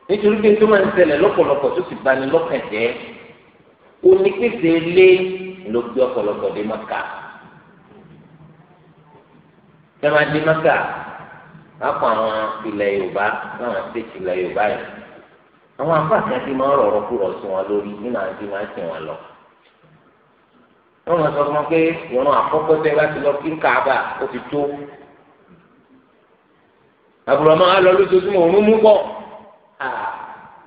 nítorí pé tó máa ń ṣẹlẹ̀ lọ́pọ̀lọpọ̀ tó sì bani lọ́kàn jẹ́ onípèsè lé ló gbé ọ̀pọ̀lọpọ̀ dé maka tẹ́lá dé maka lápò àwọn ilẹ̀ yorùbá láwọn stéètì ilẹ̀ yorùbá yìí àwọn afáàkì àti máa rọ̀rọ̀ kúrọ̀ sí wọn lórí nínú àti máa ń sìn wọn lọ wọn máa sọ fún wọn pé ìran àkọ́kọ́ tẹ́ bá ti lọ kí káàbà ó ti tó àbúrò máa lọ lójoojúmọ́ òun mú bọ̀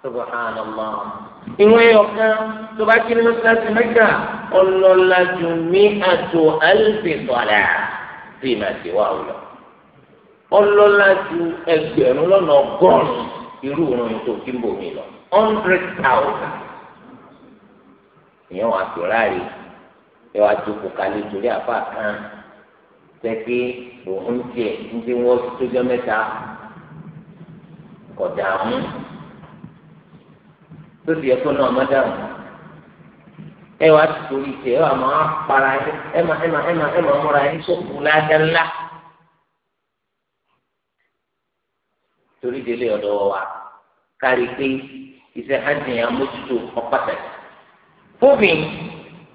subhanallah ìwé ọ̀kan tó bá kí nínú kíláàsì mẹ́ta ọlọ́lájú mi àtò àlùfẹ́ sọ̀rọ̀ sí màtíwá ọ̀lọ́ ọlọ́lájú ẹgbẹ̀rún lọ́nà ọgọ́rùn-ún irú òun tó kí n bò mí lọ hundred thousand ìyẹn wàá tó láàrin yóò wá jókòó kalẹ̀ torí àfa kan tẹ́ pé òun tiẹ̀ ń dín wọ́n tó jọ mẹ́ta kọjá mú tó sì yẹ kó náà má dàrú ẹ wàá ti torí ma ẹ wàá máa para ẹ máa ẹ máa ẹ máa ẹ máa múra ẹ sókun ládá torí délé ọ̀dọ̀ wa kárí pé iṣẹ́ hajj yẹn amójútó ọpàtàkì fúnmi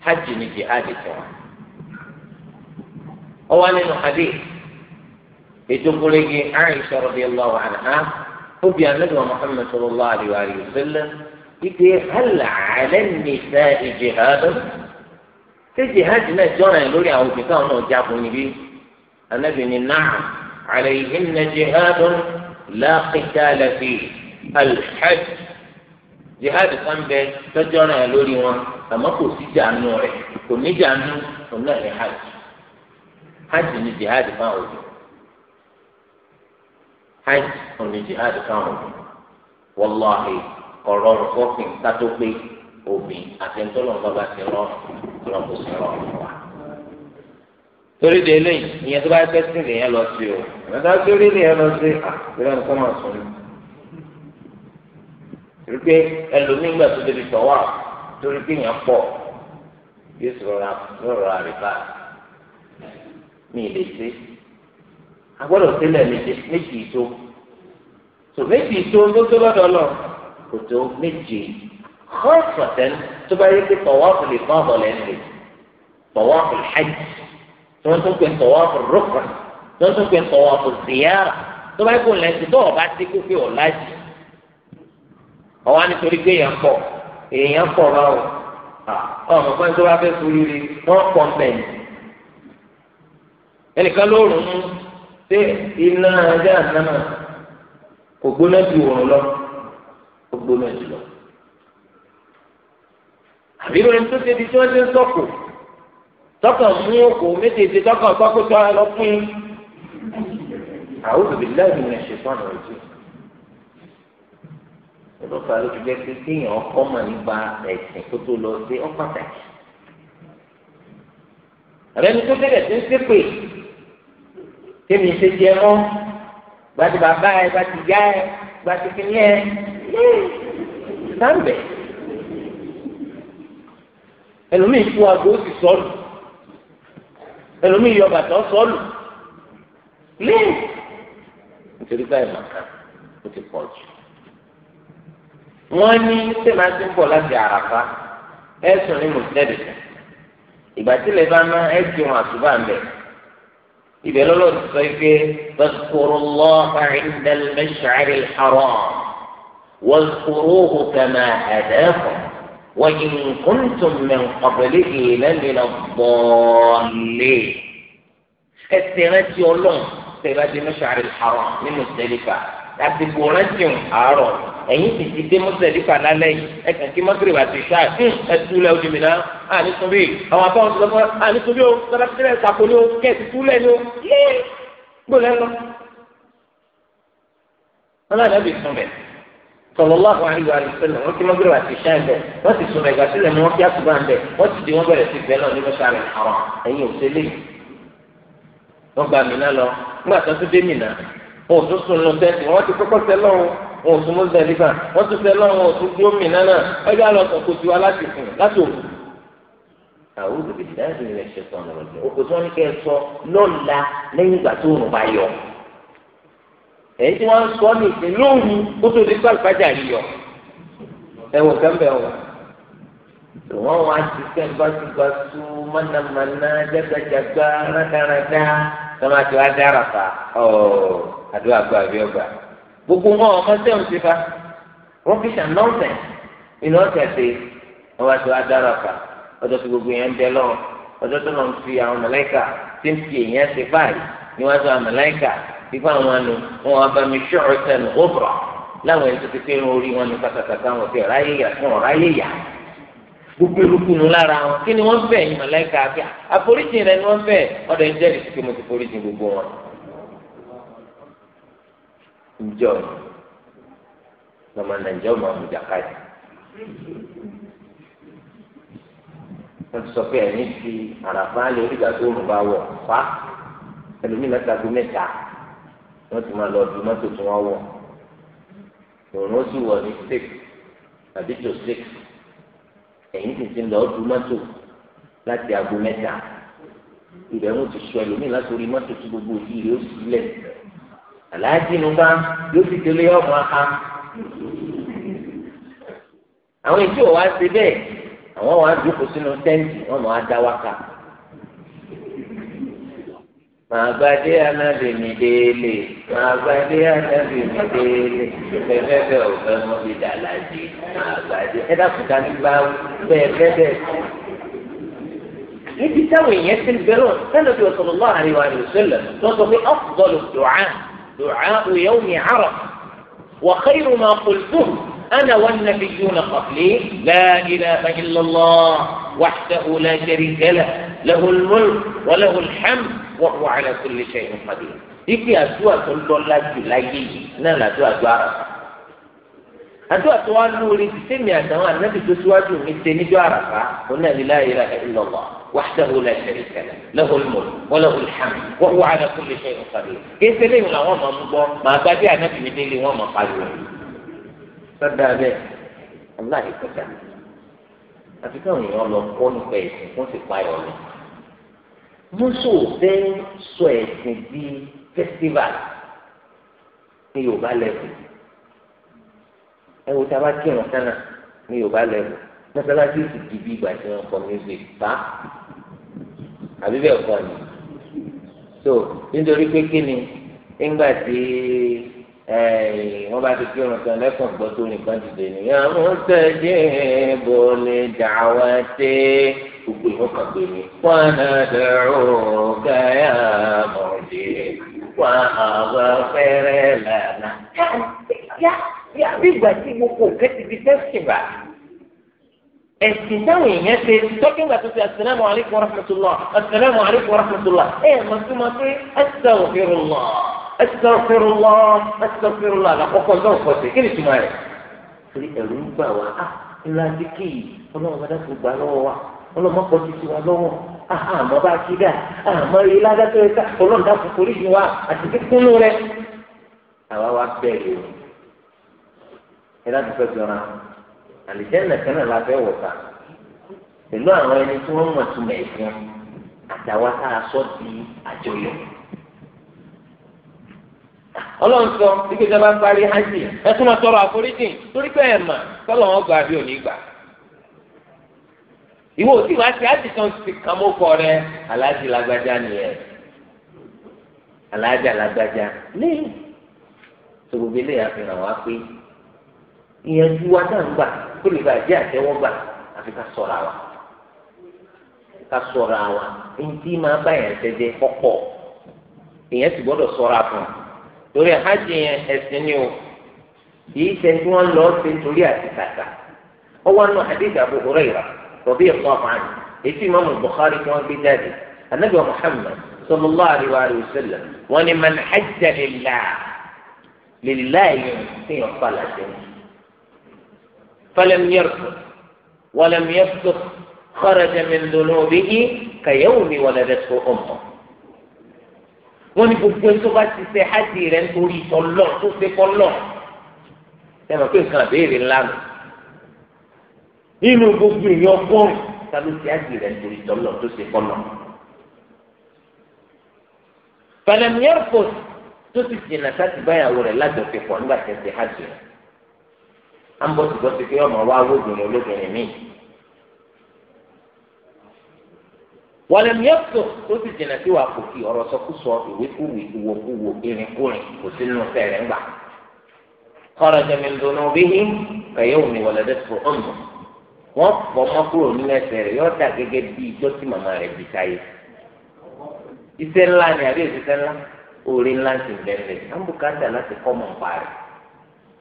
hajj ni jihad tẹ wọn ọwọ́ nínú hadith ètò obi anabi muhammed sallallahu alayhi wa sallam ike hal ala nisa ijihadu ṣé jihadi náà jọra ẹ lórí àwọn òkúta ọ̀nà ọ̀jagun níbí anabi ni na'am alayhinna jihadun la qitala fi alhaj jihadi kan bẹ tọjọra ẹ lórí wọn àmọ́ kò sí jàánu rẹ kò ní jàánu ọ̀nà ẹ̀ hajj hajj ni jihadi máa wò hajj òní jihad káwọn obìnrin wọláhì ọ̀rọ̀ rọ̀fọ́fìn kátó pé obìn àti ntọ́lọ́n bàbá ti rọ ọlọ́mọ sí rọ wa. torí de eléyìí ìyẹn tó bá fẹ́ sí lèyẹn lọ sí o ìyẹn tó bá fẹ́ rí lèyẹn lọ sí àbúrò nǹkan máa sùn ní. torí pé ẹlòmíín tó débi tọ́wọ́ torí pé èèyàn pọ̀ yóò sì rọra mi ì lè agbọ́dọ̀ sílẹ̀ méjì tó tó méjì tó ló tó lọ́dọ̀ lọ kò tó méjì kọ́ọ̀sọ̀tẹ́n tó bá yẹ pé tọ̀wáfù lè fọ́ ọ̀bọ̀ lẹ́nu rẹ̀ tọ̀wáfù hajj tí wọ́n tún pè tọ̀wáfù rúkà tí wọ́n tún pè tọ̀wáfù ziyara tó bá yẹ kó lẹ́sì tó ọ̀bá ti kó pé ọ̀la jì ọ̀wá nítorí pé èèyàn pọ̀ èèyàn pọ̀ báwo ọmọ pẹ́ńtó bá fẹ́ sórí rí wọ́n pọ̀ mẹ́rin ẹnìkan lóòrùn mú ṣé iná ajá àtàmà kò gbóná ju òrùn lọ kò gbóná jù lọ. àbírò ẹni tó ṣe ibi tí wọ́n ti ń sọ̀kò tọkàn mú òkò méjèèjì tọkàn sọ́kò tó ara lọ fún yín. àwọn òbí lẹ́yìn ní ẹ̀ṣẹ̀ fún àwọn ọ̀jẹ̀. ìlọ́pàá ló fi jẹ́ pé kéèyàn ọkọ́ mọ̀ nípa ẹ̀sìn tó tó lọ sí ọ́ pàtàkì. àbẹ́ni tó tẹ̀lẹ̀ ti ń ṣépè tèmi ṣe jẹ mọ́ gbàtí bàbá ẹ gbàtí ìyá ẹ gbàtí kìnìún ẹ sáńbẹ̀ ẹlòmíì fún aago ó sì sọlù ẹlòmíì yọ bàtà sọlù léè nítorí báyìí màkà ó ti pọ̀ jù wọ́n ní sèmáṣí ń bọ̀ láti àràfá ẹ̀sùn ní mùsùlẹ́bì ìgbà tí lè bá ná ẹ̀sùn àtúbà ń bẹ̀rẹ̀ ibẹ̀ lọ́lọ́ ti sọ pé fadhkurullaha 'inda al-mash'ari al-haram wadhkuruhu kama hadakum wa in kuntum min qablihi lamina ad-dallin ẹsẹ̀ rántí ọlọ́run tẹ̀lé adé mash'ari al-haram nínú tẹ̀lifà àsìkò rántí ń àárọ̀ ẹ̀yìn sì ti dé mọ́sẹ̀lífà lálẹ́ yìí ẹ̀kàn kí mọ́sẹ̀lífà ti ṣá ẹ̀túlẹ̀ òdì mìíràn àníṣubí àwọn abáwọn ti sọ fún àníṣubí o sọlá ti tẹ́lẹ̀ sàkó ni o kẹ́ẹ̀sì túlẹ̀ ni o yéé gbọ́dọ̀ lọ. wọn náà lẹ́bi sùn bẹ̀ sallallahu alaihi wa sallam wọn kí mọ́sẹ̀lífà ti ṣá ẹ̀ wọ́n ti sùn ẹ̀gbà sílẹ̀ ni bẹ̀ wọ́n ti di wọ́n bẹ̀rẹ̀ wọn ò tún sùn nù wọ́n ti kọ́kọ́ sẹ́ lọ́wọ́ wọn ò tún mú zẹ̀lífà wọ́n tún sẹ́ lọ́wọ́ wọn ò tún dúró mì náà ẹgbẹ́ àlọ́ sọ̀kò tiwa láti fún láti òkú. àwọn olùdíje dáhùn ìrìn ẹ̀ṣẹ̀ sọ̀rọ̀ lọ́dún òkú tí wọ́n ní kẹ́ ẹ sọ lọ́la lẹ́yìn ìgbà tó rùn bá yọ. èyí tí wọ́n ń sọ ní ìsìn lóru kó tó sọ́mà tí wàá dára fa ọ̀ àdúrà gba àbí ọgbà gbogbo wọn ọmọ sẹ́wọ̀n ti fa rubbish and nonsense ìlú ọ̀sẹ̀ ṣe wọn wá tí wàá dára fa ọjọ́ tí gbogbo yẹn ń bẹ lọ́wọ́ ọjọ́ tó lọ́n fi àwọn màláíkà tí ń fi èèyàn ṣe báyìí níwájú àwọn màláíkà fífa àwọn àna wọn wá bá mi ṣọ́ọ̀ṣẹ́ nù ó bọ̀ láwọn ẹni tó ti pé irun orí wọn ní pátákàtà wọn fi ọ̀ráyé yà fún ọ̀ráyé yà gbogbo erukunu lára wọn kí ni wọ́n fẹ́ yìí mọ̀lẹ́kà àti àforíjì rẹ ni wọ́n fẹ́ ọ̀dọ̀ ẹ̀jẹ̀ rẹ̀ kí mo ti foríjì gbogbo wọn. ǹjọ́ lọ́mọ nàìjọ́ máa mú jàkadì wọ́n ti sọ pé ẹ̀mí fi àràfà lé oríga tó rùn bá wọ̀ fa ẹlòmíràn látago mẹ́ta wọ́n ti máa lọ du mọ́tò tí wọ́n wọ̀ òun ó sì wọ̀ ní six àbí tó six ẹ̀yin sì ti lọ du mọ́tò láti aago mẹ́ta ibẹ̀ wọn ti sọ ẹlòmíì láti orí mọ́tò tí gbogbo òjì rẹ̀ ó sì lẹ̀ aláàjì nùgbà yóò sì délé ọmọ aka àwọn ètò wa ṣe bẹ́ẹ̀ àwọn wa dúkùú sínú tẹ́ǹtì wọn mọ̀ á dá wákà. معبدي أنا بمديلي معبدي أنا بمديلي بمديلي وفهم بدلاتي معبدي إذا كنت أتباو بمديلي يدي سوي يتنبرون كان النبي صلى الله عليه وآله وسلم تصف أفضل الدعاء دعاء يوم عرفة وخير ما قلته أنا والنبيون قبلي لا إله إلا الله وحده لا شريك له له الملك وله الحمد wọ́n wà ala kulli shay'in qadir ipe àdúrà tó lọ́lá jù láyé yìí náà làdúrà tó àrà àdúrà tó wá lórí sẹ́mi àtàwọn anábì tó síwájú mi ṣe níjọ́ àràfà òun náà la ilaha illallah wahdahu la sharika lahu lahul mulk wa lahul hamd wa huwa ala kulli shay'in qadir kéésì lẹ́yìn làwọn máa ń gbọ́ màá gba bí anábì mi délé wọn máa pariwo sọ́dà bẹ́ẹ̀ mọ́sọ̀ fẹ́ sọ ẹ̀sìn di festival ní yorùbá lẹ́bù ẹ wo tá a bá kírun kánà ní yorùbá lẹ́bù mọ́sálásí sì di bí ìgbà tí wọ́n kọ́ music bá àbí bẹ́ẹ̀ kọ́ ni so nítorí pé kí ni nígbà tí wọ́n bá ti kírun kan lẹ́kàn gbọ́ tó nìkan dìde nìyẹn àwọn tẹ̀lé bọ́ọ̀lì dàwọ́tẹ́ gbogbo ìwọ́n kan pè mí. wọn á dẹrù gáyà mọ̀ọ́dé wọn àwọn fẹ́rẹ́ lànà. yá bí ìgbà tí gbogbo òkè ti di fẹ́sìn rà ẹ̀sìn táwọn èèyàn ṣe tọ́kíngbà tó ṣe asalaamu alaykum wa rahmatulah asalaamu alaykum wa rahmatulah ẹ̀ máa pé astaghfirullah astaghfirullah astaghfirullah àkọ́kọ́ náà kọ́ kí ni tuma rẹ̀. torí ẹ̀rù ń gbà wá ńlá ah, sí kí ọlọ́run bá dákú gbà lọ́wọ́ wa ọlọ́mọkọ ti ti wà lọ́wọ́ àmọ́ bá ti dà àmọ́ rí ládàtọ̀ ẹ̀ka ọlọ́ọ̀dà kòkòrò yìí wá àti kíkúnú rẹ. àwa wá bẹ́ẹ̀ lò ẹ láti fẹ́ jọra àlìjẹ́nà kan náà la fẹ́ wọ̀ ká pẹ̀lú àwọn ẹni tí wọ́n mọ̀ túmọ̀ ẹ̀sìn àtàwọn tá a sọ di àjọyọ̀ ọlọ́run sọ bí kejì bá parí hajj ẹ tún máa tọrọ àforíjì torí pé ẹ̀ mà tọ́lọ̀ wọn gbà bí ò gbà ìwọ òsì wá sí àti kan ti kàn mọ́ kọ rẹ aláàjì lágbájá nìyẹn aláàjà lágbájá lẹ́yìn tòbòbí lè àfihàn wá pé ìyẹnjú wa náà ń gbà kó lè bàjẹ́ àtẹ́wọ́gbà àfi ká sọ̀ra wa ká sọ̀ra wa ntí máa bá yẹn tẹ́jẹ́ kọ́kọ́ ìyẹn sì gbọ́dọ̀ sọ̀ra fún un torí hajj yẹn ẹ̀sìn ni o kì í ṣe tí wọ́n lọ́ọ́ ṣe nítorí àti kàkà ọwọ́ àná hadith Abu Hurairah. رضي الله عنه إيه إمام البخاري كمان بذلك النبي محمد صلى الله عليه وآله وسلم وأن من حج لله لله في صلاة فلم يرفض ولم يفسق خرج من ذنوبه كيوم ولدته أمه wọ́n ní gbogbo ẹni tó bá ti ṣe hajj rẹ̀ nítorí ìtọ́lọ́ tó ṣe kọ́lọ́ ẹ mọ̀ pé nǹkan àbẹ́rẹ́ ńlá nù nínú gbogbo ìyẹn ọgọ́rùn tàbí tí a gbèrè nítorí tọ́lọ̀ tó ṣe kọ́ lọ. fẹlẹmìíràn kò tó ti jìnnà láti báyàwó rẹ̀ lájọṣepọ̀ nígbà tí a ti hajj rẹ̀. à ń bọ́ sí bọ́sí pé ọmọ wa wóbìnrin olóbìnrin míì. wàlẹmìíràn kò tó ti jìnnà sí wàá kòkì ọ̀rọ̀ sọkúsọ ìwékúwì ìwòkúwò irinkurin kò sínú fẹ̀rẹ̀ ńgbà. kọ́ra jẹ́mi ń dunú bíi kẹ̀yẹ́ òní wọlé dẹ́sùn ọ̀nà. wọ́n fọ́ ọmọ kúrò nínú ẹsẹ̀ rẹ̀ yóò dà gẹ́gẹ́ bí ijó tí màmá rẹ̀ bí sáyé nla ńlá ni àbí ńlá orí ńlá ti bẹ̀rẹ̀ àbùkátà láti kọ́ mọ̀ nípa rẹ̀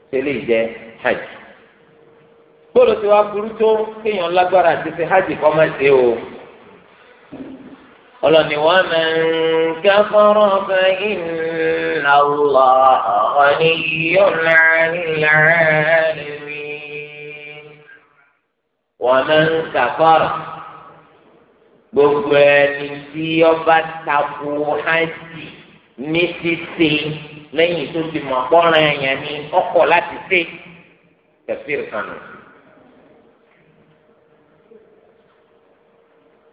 tẹ́lẹ̀ jẹ́ hajj tí wàá burú tó kéèyàn lágbára àti ṣe hajj kọ́ máa ṣe o ọlọ́ni wa man kafara fa inna Allah wọn máa ń kàfàrà gbogbo ẹni tí ọba tako hajj ní ṣíṣe lẹ́yìn tó ti mọ̀ pọ́nrán ẹ̀yàn ní ọkọ̀ láti ṣe tafsir kanu.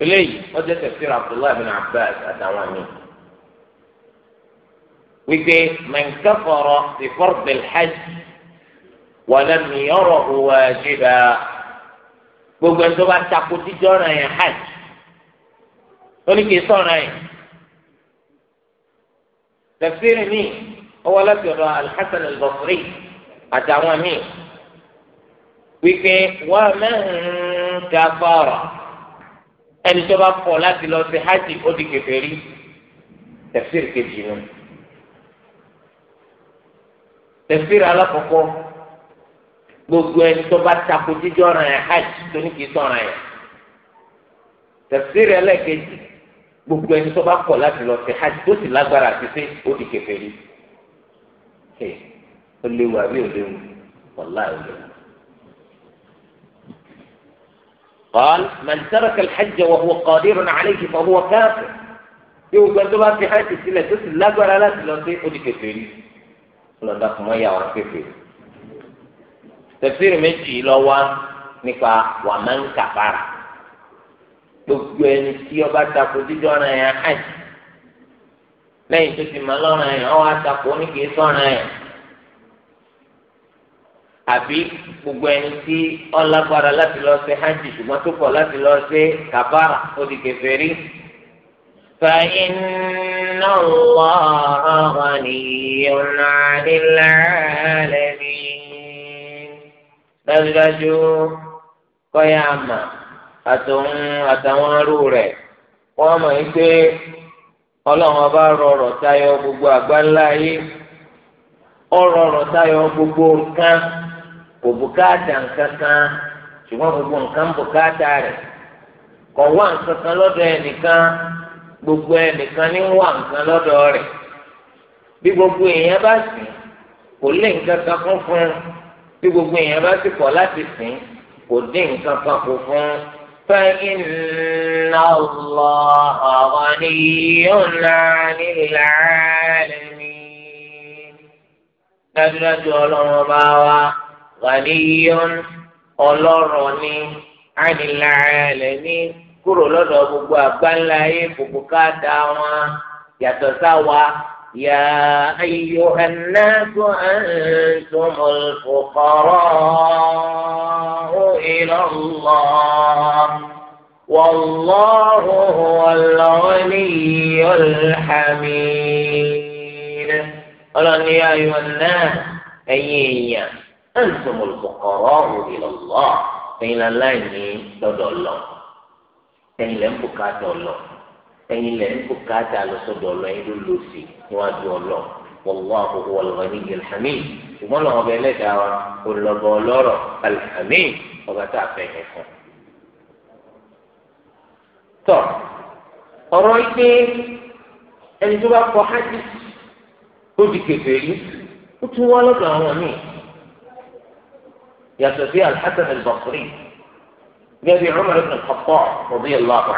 eléyìí wọ́n jẹ́ abdullahi bin abbas àtàwọn míì wípé mẹ̀ńkẹ́fọ̀rọ̀ ti fọ́rbẹ̀l hajj wọ́n lẹ́nu yọ̀rọ̀ òwò ẹ̀jẹ̀ dáa gbogbo ẹni tó bá takò títí ọ̀ràn yẹn hajj ó ní kì í sọ̀ràn yẹn tafsiri mi ó wá láti ọ̀dọ̀ alhassan al-basri àtàwọn míì wípé wà mẹ́rin kafara ẹni tó bá kọ̀ láti lọ sí hajj ó di kèfèrí tafsiri kejì nù tafsiri alákọ̀ọ́kọ́ gbogbo ẹni tó bá tako jíjọ ọ̀ràn yẹn hajj tó ní kì í sọ̀ràn yẹn tẹ̀síìrì ẹlẹ́kẹ̀jì gbogbo ẹni tó bá kọ̀ láti lọ sí hajj tó sì lágbára àti sí ó di kèfèrí ṣe ó léwu àbí ó léwu wàlá ó léwu. قال من ترك الحج وهو قادر عليه فهو كافر yóò gbẹ tó bá fi hajj sílẹ̀ tó sì lágbára láti lọ sí ó di kèfèrí lọ́dọ̀ kùmọ̀ yà wọ́n kèfèrí tẹfsiri méjì lọ wá nípa wàmán kàfàrà gbogbo ẹni tí ọba tako dídọ́ ọ̀ràn yẹn hàn lẹ́yìn tó ti máa lọ́ràn yẹn ọwọ́ àtakò ní kìí sọ̀ràn yẹn àbí gbogbo ẹni tí ọlágbára láti lọ ṣe hajj ṣùgbọ́n tó pọ̀ láti lọ ṣe kàfàrà ó di kèfèrí. فإن الله غني عن العالمين dájúdájú kọ́yà àmà àtòun àtàwọn arú rẹ̀ wọ́n mọ̀ yín pé ọlọ́run ọba rọrọ̀ tayọ gbogbo àgbáńlá yìí ó rọrọ̀ tayọ gbogbo nǹkan kò bùkátà nǹkan kan ṣùgbọ́n gbogbo nǹkan bùkátà rẹ̀ kò wá nǹkan kan lọ́dọ̀ ẹnìkan gbogbo ẹnìkan ní wá nǹkan lọ́dọ̀ rẹ̀ bí gbogbo èèyàn bá kò lè nǹkan bí gbogbo èèyàn bá sì kọ̀ láti sìn kò dín nǹkan kan kù fún فإن الله غني عن العالمين dájúdájú ọlọ́run ọba wa ghaniyun ọlọ́rọ̀ ni ànilàálẹ̀ ní kúrò lọ́dọ̀ gbogbo àgbáńlá ayé gbogbo ká da wọn yàtọ̀ sáwa يا أيها الناس أنتم الفقراء إلى الله والله هو الغني الحميد قال يا أيها الناس أيها أنتم الفقراء إلى الله فإلى الله لدى الله فإلى الله ẹ̀yin lẹ kó káàtà lọ sọ́dọ̀ ọlọ ẹ̀yin ló lò sí níwájú ọlọ wallahu huwal ghaniyyul hamid ṣùgbọ́n lọ́wọ́ bẹ lẹ́dàá wa olùlọ́bọ ọlọ́rọ̀ alhamid ọba tá a fẹ́ yẹn fún. tọ ọ̀rọ̀ ìpè ẹni tó bá kọ hajj ó di kèfèrí ó tún wá lọ́dọ̀ àwọn míì yàtọ̀ sí al-Hasan al-Basri gẹ́gẹ́ bí Umar ibn al-Khattab radiyallahu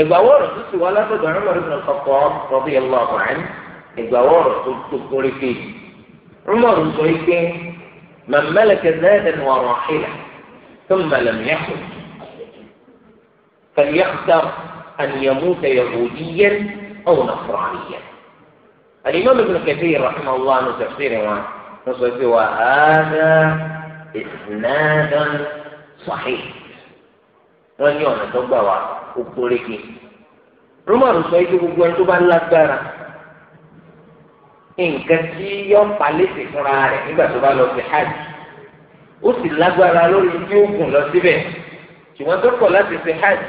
ìgbàwọ́ ọ̀rọ̀ tó sì wá látọ̀dọ̀ Umar ibn al-Khattab radiyallahu anhu ìgbàwọ́ ọ̀rọ̀ tó tó kórè pé Umar sọ pé man malaka zadan wa rahilah thumma lam yahul فليختر أن يموت يهوديا أو نصرانيا الإمام ابن كثير رحمه الله عنه تفسيره نصف وهذا إسنادا صحيح وليون تبوا kókó rége rúmọ̀rù sọ ike gbogbo ẹni tó bá lágbára nǹkan tí yọ palẹ́sì fúnra rẹ̀ nígbà tó bá lọ sí hajj ó sì lágbára lórí tí ó gùn lọ síbẹ̀ ṣùgbọ́n tó kọ̀ láti ṣe hajj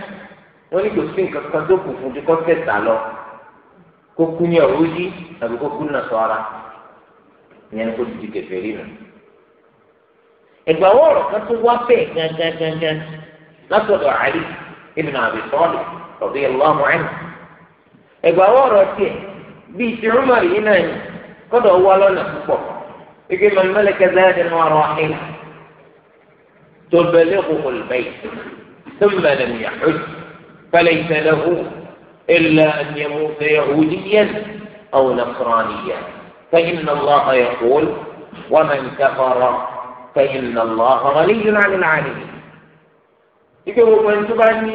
wọ́n ní kò sí nǹkan kan tó kù fún dikọ́ tẹ̀sà lọ kó kú ní ọ̀rọ̀ yí tàbí kó kú nà sọ ara ìyẹn ni kó ti di kẹfẹ́ rí nù ẹgbàá wọ̀rọ̀ kan tó wá bẹ́ẹ̀ gángan gángan látọ̀dọ̀ àárín. ابن أبي طالب رضي الله عنه إبوارة بيت عمر يناني قد هو لنا فوق يجي من ملك زاد وراحل تبلغه البيت ثم لم يحج فليس له إلا أن يموت يهوديا أو نصرانيا فإن الله يقول ومن كفر فإن الله غني عن العالمين ike gbogbo ẹni tó bá ní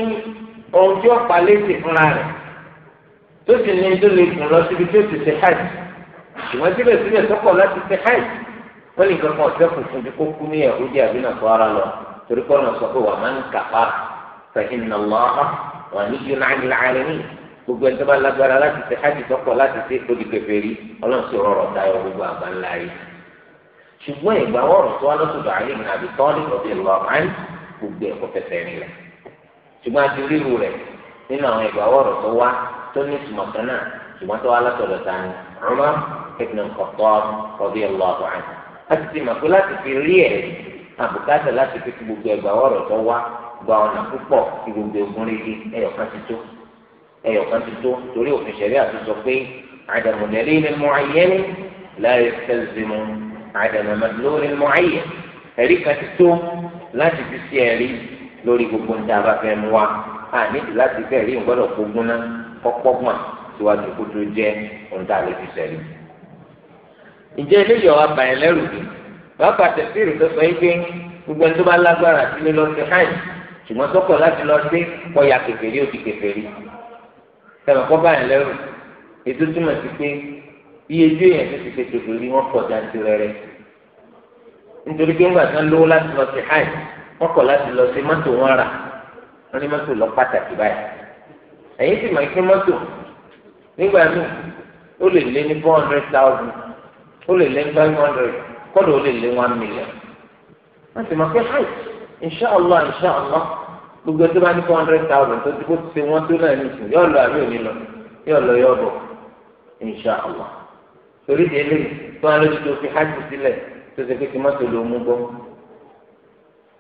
ohun tí ọ̀pá létí fúnra rẹ̀ tó sì ní tó lè gùn lọ síbi tó ti ṣe hajj ṣùgbọ́n síbẹ̀síbẹ̀ sọ́kọ̀ láti ṣe hajj wọ́n lè kankan ọ̀sẹ̀ kò fún mi kó kú ní yahudi àbí nàkó ara lọ torí kọ́ ọ̀nà sọ pé wà máa ń kàfà fẹ̀hìn nà lọ́ọ́ wà ní yóò náà ní láàrin ní gbogbo ẹni tó bá lágbára láti ṣe hajj sọ́kọ̀ láti ṣe odi kèfèrí ọlọ́run sì rọrọ̀ gbogbo ẹ̀kọ́ fẹsẹ̀ rìn rẹ̀ ṣùgbọ́n àti ríru rẹ̀ nínú àwọn ìgbà wọ̀rọ̀ tó wá tó ní ìtumọ̀ kan náà ṣùgbọ́n tó wá látọ̀dọ̀ ta ni ọmọ ibn Khattab radiyallahu anhu a ti ti mọ̀ láti fi rí ẹ̀ àbùkátà láti fi gbogbo ẹ̀gbà wọ̀rọ̀ tó wá gba ọ̀nà púpọ̀ kí gbogbo ogun rí ẹyọ̀kan ti tó ẹyọ̀kan ti tó torí òfin ṣẹ̀rí àtúntò pé àdàmùdẹ̀lẹ́ ilẹ̀ mọ́ ayé ni láyé fẹ́ zimu àdàmùdẹ̀lẹ́ ilẹ̀ mọ́ ayé ẹ̀rí kan ti tó láti fi sí ẹ̀rí lórí gbogbo níta bá fẹ́ mú wa a níbi láti fẹ́ rí nǹkan ọ̀gbọ́n náà kọ́kọ́gbọ́n síwájú kó tó jẹ́ ohun tá a lè fi sẹ́rí. ǹjẹ́ eléyìí ọ̀wá bàyẹ̀ lẹ́rù bí bàbá tẹ̀síìrì tó sọ yìí pé gbogbo ẹni tó bá lágbára sílé lọ sí hàn ṣùgbọ́n sọ́kọ̀ láti lọ sí kọ́ya kèfèrí ó ti kèfèrí. sẹ́wọ̀n kọ́ bàyẹ̀ lẹ́rù ètò túmọ̀ sí pé iye ju èèyàn tó ti ṣe kèfèrí wọ́n pọ̀ jàǹtìrẹrẹ nítorí pé ńgbà tán lówó láti lọ sí hajj wọn kọ̀ láti lọ sí mọ́tò wọn rà wọn ní mọ́tò lọ pàtàkì báyìí ẹ̀yin sì máa ń pín mọ́tò nígbà míì ó lè lé ní four hundred thousand ó lè lé ní five hundred kọ́dọ̀ ó lè lé one million wọ́n sì máa pín hajj inṣàlá inṣàlá gbogbo tó bá ní four hundred thousand tó ti kó ti wọ́n tó náà ní sùn yóò lọ àbí òní lọ yóò lọ yóò bọ̀ inṣàlá torí di eléyìí tó wọn lójú tó fi hajj sílẹ̀ tó ṣe pé kí mọ́tò ló mú gbọ́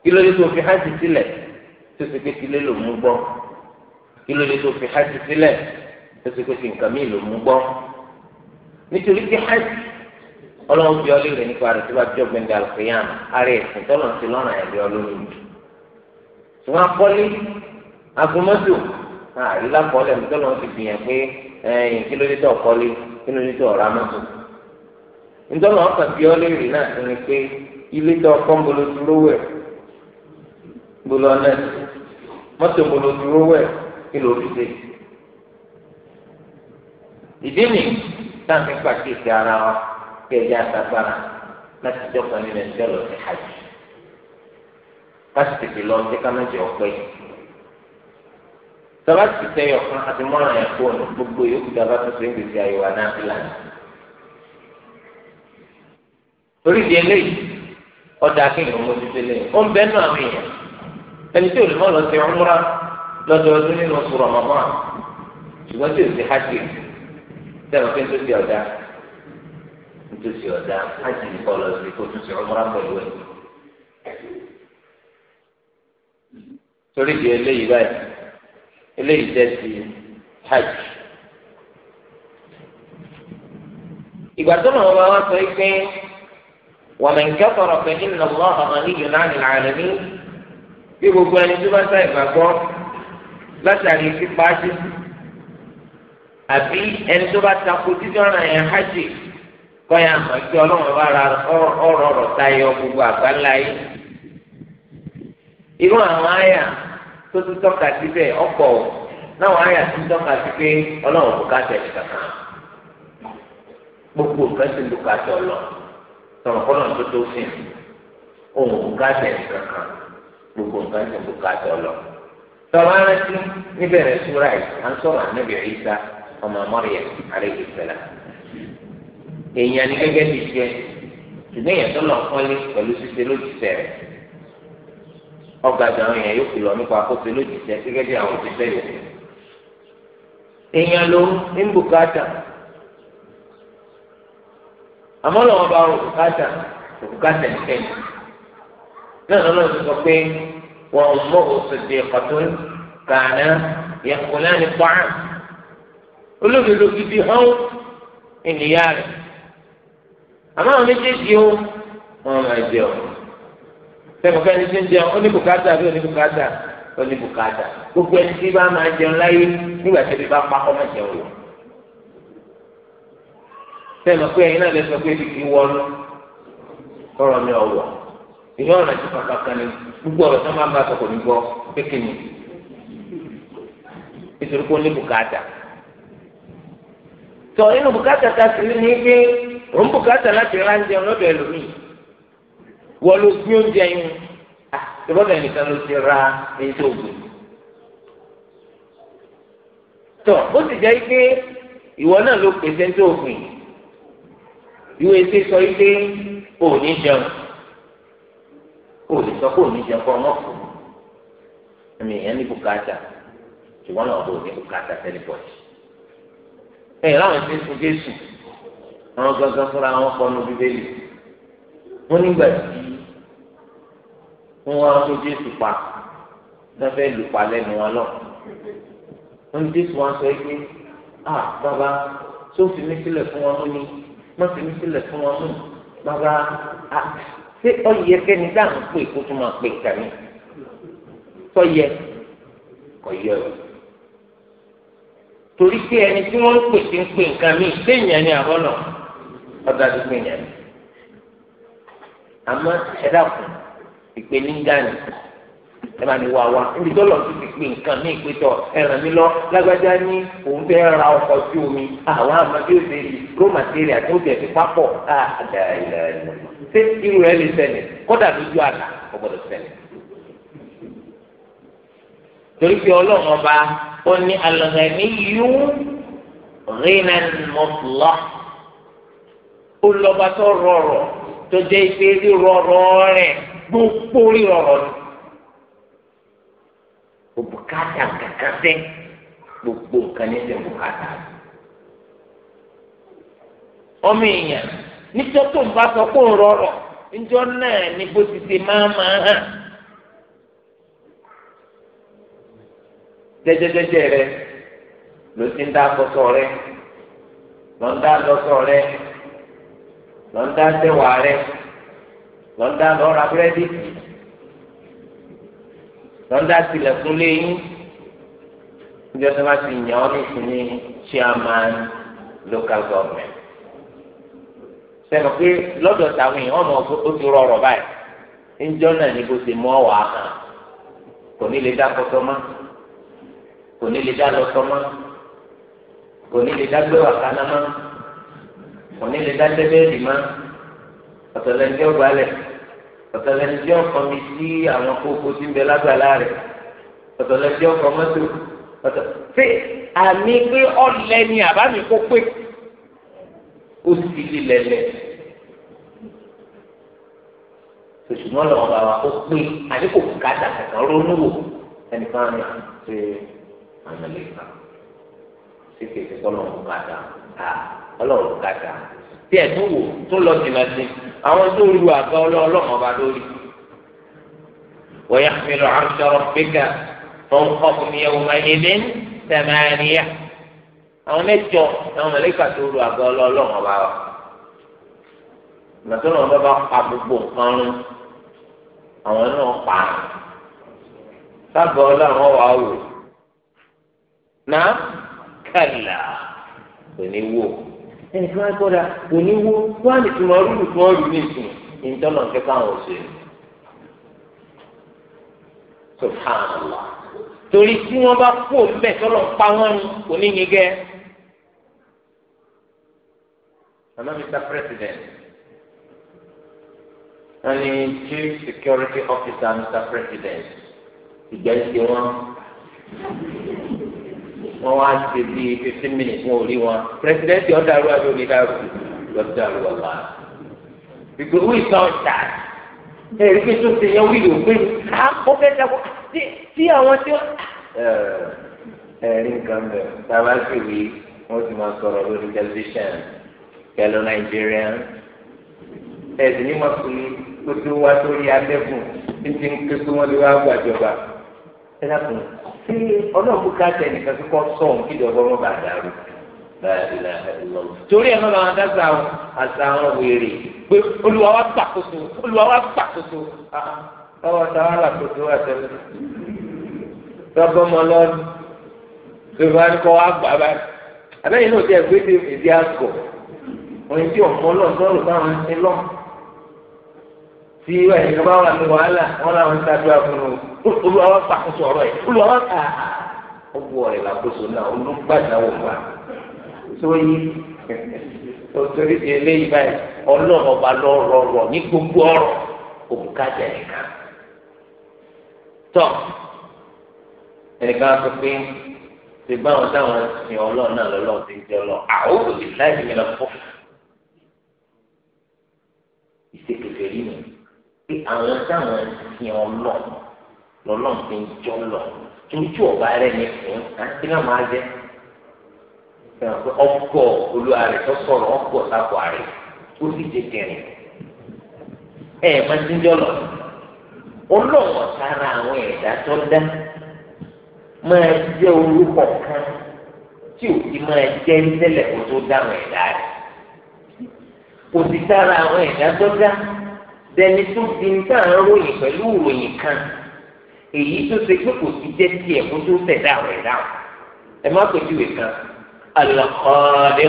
kí ló dé tó fi hajj sílẹ̀ tó ṣe pé kí lé ló mú gbọ́ kí ló dé tó fi hajj sílẹ̀ tó ṣe pé kí nǹkan míì ló mú gbọ́ nítorí pé hajj ọlọ́run bí ọlé rẹ̀ nípa rẹ̀ tó bá jọ gbẹ̀ndẹ̀ àlùfẹ́yàn ara ẹ̀sìn tọ́lọ̀ sí lọ́nà ẹ̀bí ọlọ́run yìí wọn akọ́lé agunmọ́tò àrí lápọ̀ọ́lẹ̀ mi tọ́lọ̀ ti gbìyànjú pé kí ló dé tó ọkọ́lé kí ló dé tó nítorí wọn kàn bí ọ léèrè náà ti ní pé ilé tó ọkọ ń bolo dúró wẹ̀ bolo ọ̀nà mọ́tò ń bolo dúró wẹ̀ kí ló fi dé. ìdí nì táǹkì pàkíyèsí ara wa kí ẹja àtàgbára láti jọkàn nínú ẹgbẹ́ lọ sí hajj láti tètè lọ sí kámẹ́jọ ọ̀pẹ́ tọ́lá ti tẹ́yọ̀ fún àti mọ́ràn ẹ̀kọ́ ọ̀nà gbogbo yòókù dábàá tó ṣe gbèsè àyèwà náà fi lànà torí di eléyìí ọ̀dà akéèyàn mo ti tẹ́lẹ̀ ó ń bẹ́nu àwọn èèyàn ẹni tí olùmọ̀ lọ sí ọmúra lọ́dọọdún nínú oṣù Ramadan ṣùgbọ́n tí o ti hajj sẹ́wọ̀n pé nítorí ọ̀dà nítorí ọ̀dà hajj kọ́ lọ sí kó tún sí ọmúra pẹ̀lú ẹ̀ torí di eléyìí báyìí eléyìí jẹ́ ti hajj. ìgbà tó náà wọ́n wá sọ pé. ومن كفر فإن الله غني عن العالمين bí gbogbo ẹni tó bá sá ìgbàgbọ́ látàrí pípa ájú àbí ẹni tó bá tako títí ọ̀ràn yẹn hajj kọ́ ya mọ̀ pé ọlọ́run bá ra ọ̀rọ̀ ọ̀rọ̀ tayọ gbogbo àgbáńlá yìí. irú àwọn àyà tó tún tọ́ka síbẹ̀ ọ̀pọ̀ náwọn àyà tó tún tọ́ka sí pé ọlọ́run kò ká tẹ̀lé kankan gbogbo nǹkan ti lù ká tọ̀ lọ sọmọ kọlọ tó tó sìn ohun bùkátà nǹkan kan gbogbo nǹkan tó bùkátà ọlọ sọmọ arántí níbẹ̀rẹ̀ súra yìí à ń sọ̀rọ̀ ànábì Ìsá ọmọ Maryam alayhi salam èèyàn ní gẹ́gẹ́ bí iṣẹ́ ṣùgbọ́n èèyàn tó lọ kọ́lé pẹ̀lú ṣíṣe lójúṣe rẹ̀ ọgbà àti àwọn èèyàn yóò fi lọ nípa àkóso lójúṣe gẹ́gẹ́ bí àwọn òṣìṣẹ́ yòókù èèyàn ló ń bùkátà àmọ́ lọ́wọ́ bá òkúkátà òkúkátà nìkẹ́yìn náà lọ́wọ́ ti sọ pé wọn ò mọ òṣèdè kọ́tún kàánà yẹkùnlá ní pààrọ̀ olódodo gidi hàn ènìyàn rẹ̀ àmọ́ àwọn méjèèjì ó wọn máa jẹ ọ sẹ́kọ̀ọ́ fẹ́ni tí ń jẹun ó ní bùkátà àbí ó ní bùkátà ó ní bùkátà gbogbo ẹni tí bá máa jẹun láyé nígbà tí ebi bá pa ọmọ jẹun lọ sẹ́nu pé ẹ̀yin náà lè sọ pé kìkì wọnú kọ́rọ̀ mi ọ̀wọ̀ èyí ọ̀rọ̀ ti pàpà kan ní gbogbo ọ̀rọ̀ tó máa ń bá sọ̀kò ní gbọ́ pékinì nítorí pé ó ní bùkátà tọ inú bùkátà ta sí ní pé òun bùkátà láti ra oúnjẹ lọ́dọ̀ ẹlòmíì wọ́n ló gbé oúnjẹ yín ìrọ̀lẹ́ nìkan ló ti ra èyí tó gbé tọ ó sì jẹ́ pé ìwọ náà ló pèsè ní tó gbìn yìí ìwé ṣe sọ yìí pé òní jẹun òní sọ pé òní jẹun kọ́ ọmọkù ẹ̀mí ìyẹn ní bùkátà ṣùgbọ́n náà òní bùkátà tẹ́lifọ̀tì. ẹ̀yìn láwọn ti ń fún Jésù àwọn gangan fúnra wọn kọ́ ní bíbélì wọ́n nígbà tí wọ́n wá fún Jésù pa wọ́n fẹ́ lù pa lẹ́nu wọn lọ. wọ́n ní Jésù wọn sọ yìí pé ah bàbá sófin mi sílẹ̀ fún wọn ó ní wọ́n ti ní sílẹ̀ fún wọn mú bàbá a ṣé ọyẹ kẹ́ni dáhùn pé kó tún máa pè kàmí tọ́yẹ kọ̀yẹ o torí pé ẹni tí wọ́n ń pè ti ń pè nǹkan mí séèyàn ni àbọ̀nà ọ̀dà tó pè yẹn àmọ́ ẹ dákun ìpèníjà ni ẹ bá ní wá wá níbi tó lọ sí ti pè nǹkan ní ìpẹtọ ẹràn mi lọ lágbájá ní òun fẹ́ ra ọkọ̀ sí omi àwọn àmọdé òde yìí ró màtírì àti òde ẹ̀fí pápọ̀ àdá ilẹ̀ ẹ̀ ṣé irú rẹ lè ṣẹlẹ̀ kódà lójú àlà ọgbọ́dọ̀ ṣẹlẹ̀ torí pé ọlọ́run ọba ó ní alọ́hẹ̀mí yú rinan mọ́tòlá ó lọ́ba tó rọrọ̀ tó jẹ́ ife rírọrọ̀ rẹ̀ gbogbo rírọrọ̀ ni kò bùkátà kankan sẹ gbogbo nǹkan ní sẹ bùkátà ọmọ èèyàn nítorí tó ń bá sọ pé ń rọrọ níjọ náà ni bó ti ṣe máa máa hàn jẹjẹjẹjẹ rẹ ló ti ń dá kọsọ rẹ lọ ń dá lọsọ rẹ lọ ń dá sẹwàá rẹ lọ ń dá lọ búrẹ́dì lọ́dà tilẹ̀kùn léyìn níjọ́ tó bá ti yàn ọ́ nísìnyí chairman local government sẹ́nu pé lọ́dọ̀ táwọn èèyàn ọmọ ó ti rọrọ̀ báyìí níjọ́ náà bó ṣe mú ọ wàá hàn kò ní lè dá kọ́tọ́ mọ́ kò ní lè dá lọ́tọ́ mọ́ kò ní lè dá gbéwà kaná mọ́ kò ní lè dá tẹ́lẹ̀ mọ́ ọ̀tọ̀lẹ̀ tí ọkọ̀ mi sí àwọn kókó tí ń bẹ lágbàlá rẹ̀ ọ̀tọ̀lẹ̀ tí ọkọ̀ mọ́tò ọ̀tọ̀ ṣé àmì pé ọ̀lẹ ni àbámi kó pé ó sì lè lẹ̀lẹ̀ tòṣùmọ́ lọ́wọ́ bá wa ó pé àní kò kà dà kankan ronú wò ẹnìkan ni ṣe àmì lè kà ṣé kèké kọ́ lọ́wọ́ kà ọlọ́wọ́ kà tí ẹ̀ tún wò tún lọ jìnnà sí àwọn tó lu àga ọlọ́ọ̀lọ́mọba lórí. wọ́yà mílò àrùsọ̀rọ̀ gbéga fún ọkùnrin yẹn wọ́n yé dé tẹ̀mẹ́rìíyà. àwọn mẹ́jọ àwọn mẹ́lẹ́kà tó lu àga ọlọ́ọ̀lọ́mọba wa. ìgbà tó lọ́wọ́ bá pa gbogbo nǹkan rún àwọn náà pa á. sábà ọlọ́run wà wò. ná kàlà kò ní wò ẹnì kan gbọ́dọ̀ kò ní wo wọ́n á lè fi mọ rúdù tí wọ́n rù ní ìsìn ìjọba ń kẹ́kọ̀ọ́ àwọn òṣèlú. subhanallah torí tí wọ́n bá kú òǹbẹ̀ tọ́lọ̀ pa wọ́n ni kò ní yín gẹ́. àmọ́ mr president wọ́n chief security officer mr president ìgbẹ́ ń ṣe wọ́n wá ṣe bíi fifteen minutes wọn ò rí wọn pírẹsidẹ́ntì ọ̀dàrú àbí onídàrú lọ́dàrú ọ̀la. ìgbè wí sàn ṣá ẹ rí pé tó ṣe yẹn wíìlì òpin ká ó fẹ́ dàgbọ́ tí àwọn tí wọ́n. ẹ rí nǹkan bẹ̀ bàbá sì wí wọ́n sì máa sọ̀rọ̀ lórí tẹlifíṣàn kẹlọ nàìjíríàn ẹ sì ní mọ̀kùnrin tó ti wá sórí adẹ́kùn tí ń ké pé wọ́n lè wá gbàjọba tí ọlọ́ọ̀bù ká tẹ nìkan kíkọ́ sọ òun kí ìjọba ọmọ bàa torí ẹ̀ náà làwọn dáṣà àwọn àṣà àwọn wèrè pé olúwa wa gbàkóso olúwa wa gbàkóso báwa ta wà lákòóso àtẹlẹ lọ́dún tó bá kọ́ wa gbà abẹ́yìn náà ti ẹ̀ lọ́dún lọ́rùn tí ẹ̀yìn kan bá wà ní wàhálà wọn làwọn ń tàbí àfúnù olúwa wá pàkóso ọ̀rọ̀ yìí olúwa wá kà ah, ah, ah. á ó bu ọ̀rẹ́ làkóso náà olùgbàdà wò wá sóyí òtòrí ti eléyìí báyìí ọlọ́run ọba lọ́rọ̀ rọ̀ ní gbogbo ọ̀rọ̀ òǹkàjà nìkan tọ́ ẹnìkan sọ pé ṣe báwọn táwọn sìn ọlọ́run náà lọ́lọ́run ti jẹ́ ọlọ́ àwọn òbí láì pé àwọn táwọn ń sin ọlọ lọlọ́n fi jọ lọ torí ọba rẹ ní fún àti náà máa jẹ ọkọ olúwa rẹ tó sọ̀rọ̀ ọkọ sáfọ rẹ ó sì jẹ kẹrin ẹ ẹ máa ti ń jọ lọ sára àwọn tó dá máa orúkọ kan tí ò ti máa kó dẹni tó di níta ń ròyìn pẹ̀lú ìròyìn kan èyí tó ṣe pé kò sí jẹ́ tiẹ̀ kó tó tẹ̀dá rẹ̀ dáhùn ẹ má pèjú ìwé kan alọ́kọ́ọ́dẹ́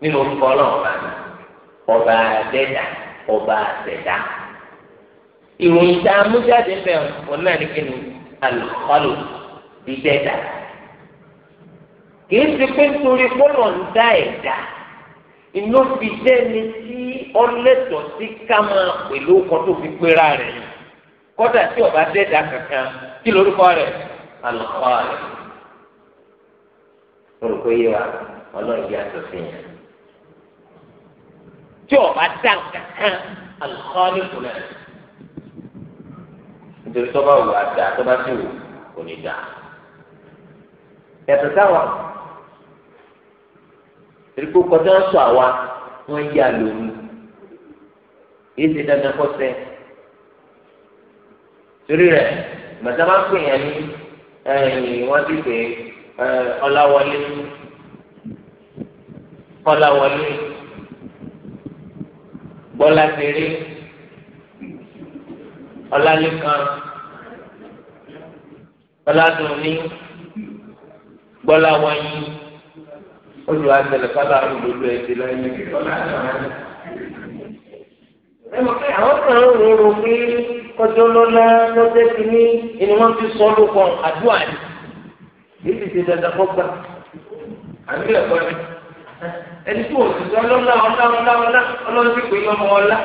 nínú orúkọ ọlọ́run bá ọba àdẹ́dà ọba àtẹ̀dá ìròyìn tá a mú jáde bẹ̀ wọn náà ní kíni alọ́kọ́lù dídẹ́dà kì í ṣe pé nítorí pọ́lọ̀ ń dá ẹ̀dá inú fi dẹ́ni tí ọlẹ́tọ̀ sí ká máa pẹ̀lú ọkọ tó fi gbéra rẹ̀ yìí kọ́dà tí ọba dẹ́dà kankan kí lórúkọ rẹ̀ alùpàá rẹ̀ orúkọ yìí wa ọlọ́run yìí aṣọ sí yẹn tí ọba dá kankan alùpàá rẹ̀ kù náà nítorí tọ́ba wù àdá tọ́ba sì wù kò ní dá yàtọ̀ sáwọn erikó kọjá sọ àwa wọn yí àlòmí èsì dandan kọsẹ torí rẹ gbàtà máa ń pè yẹn ní ẹ̀yìn wọn ti pè ọláwọlé kọláwọlé bọlátẹrẹ ọlálẹkan ọládùnní gbọláwọnyí ó sì wá ṣẹlẹ̀ kálá olódò ẹtì láyé. àwọn kan ń rorò pé kọjọ lọ́la lọ́jọ́ ti ní ẹni wọ́n ti sọ ló kan àdúrà ni yìí ti ṣe dandan kọ́ gbà àbí ẹ̀kọ́ ni ẹni tí òṣìṣẹ́ ọlọ́lá ọlá ọlá ọlá ọlọ́run ti pè é lọ́mọ ọlá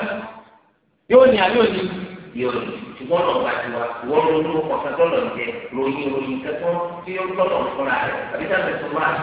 yóò ní àbí òní yóò ní ṣùgbọ́n lọ́ọ̀ bá ti wá wọ́n ló ló ọ̀sán tó lọ jẹ ròyìn ròyìn kẹ́kọ̀ọ́ tí ó tọ̀nà fúnra rẹ̀ àbí sábẹ̀ tó máa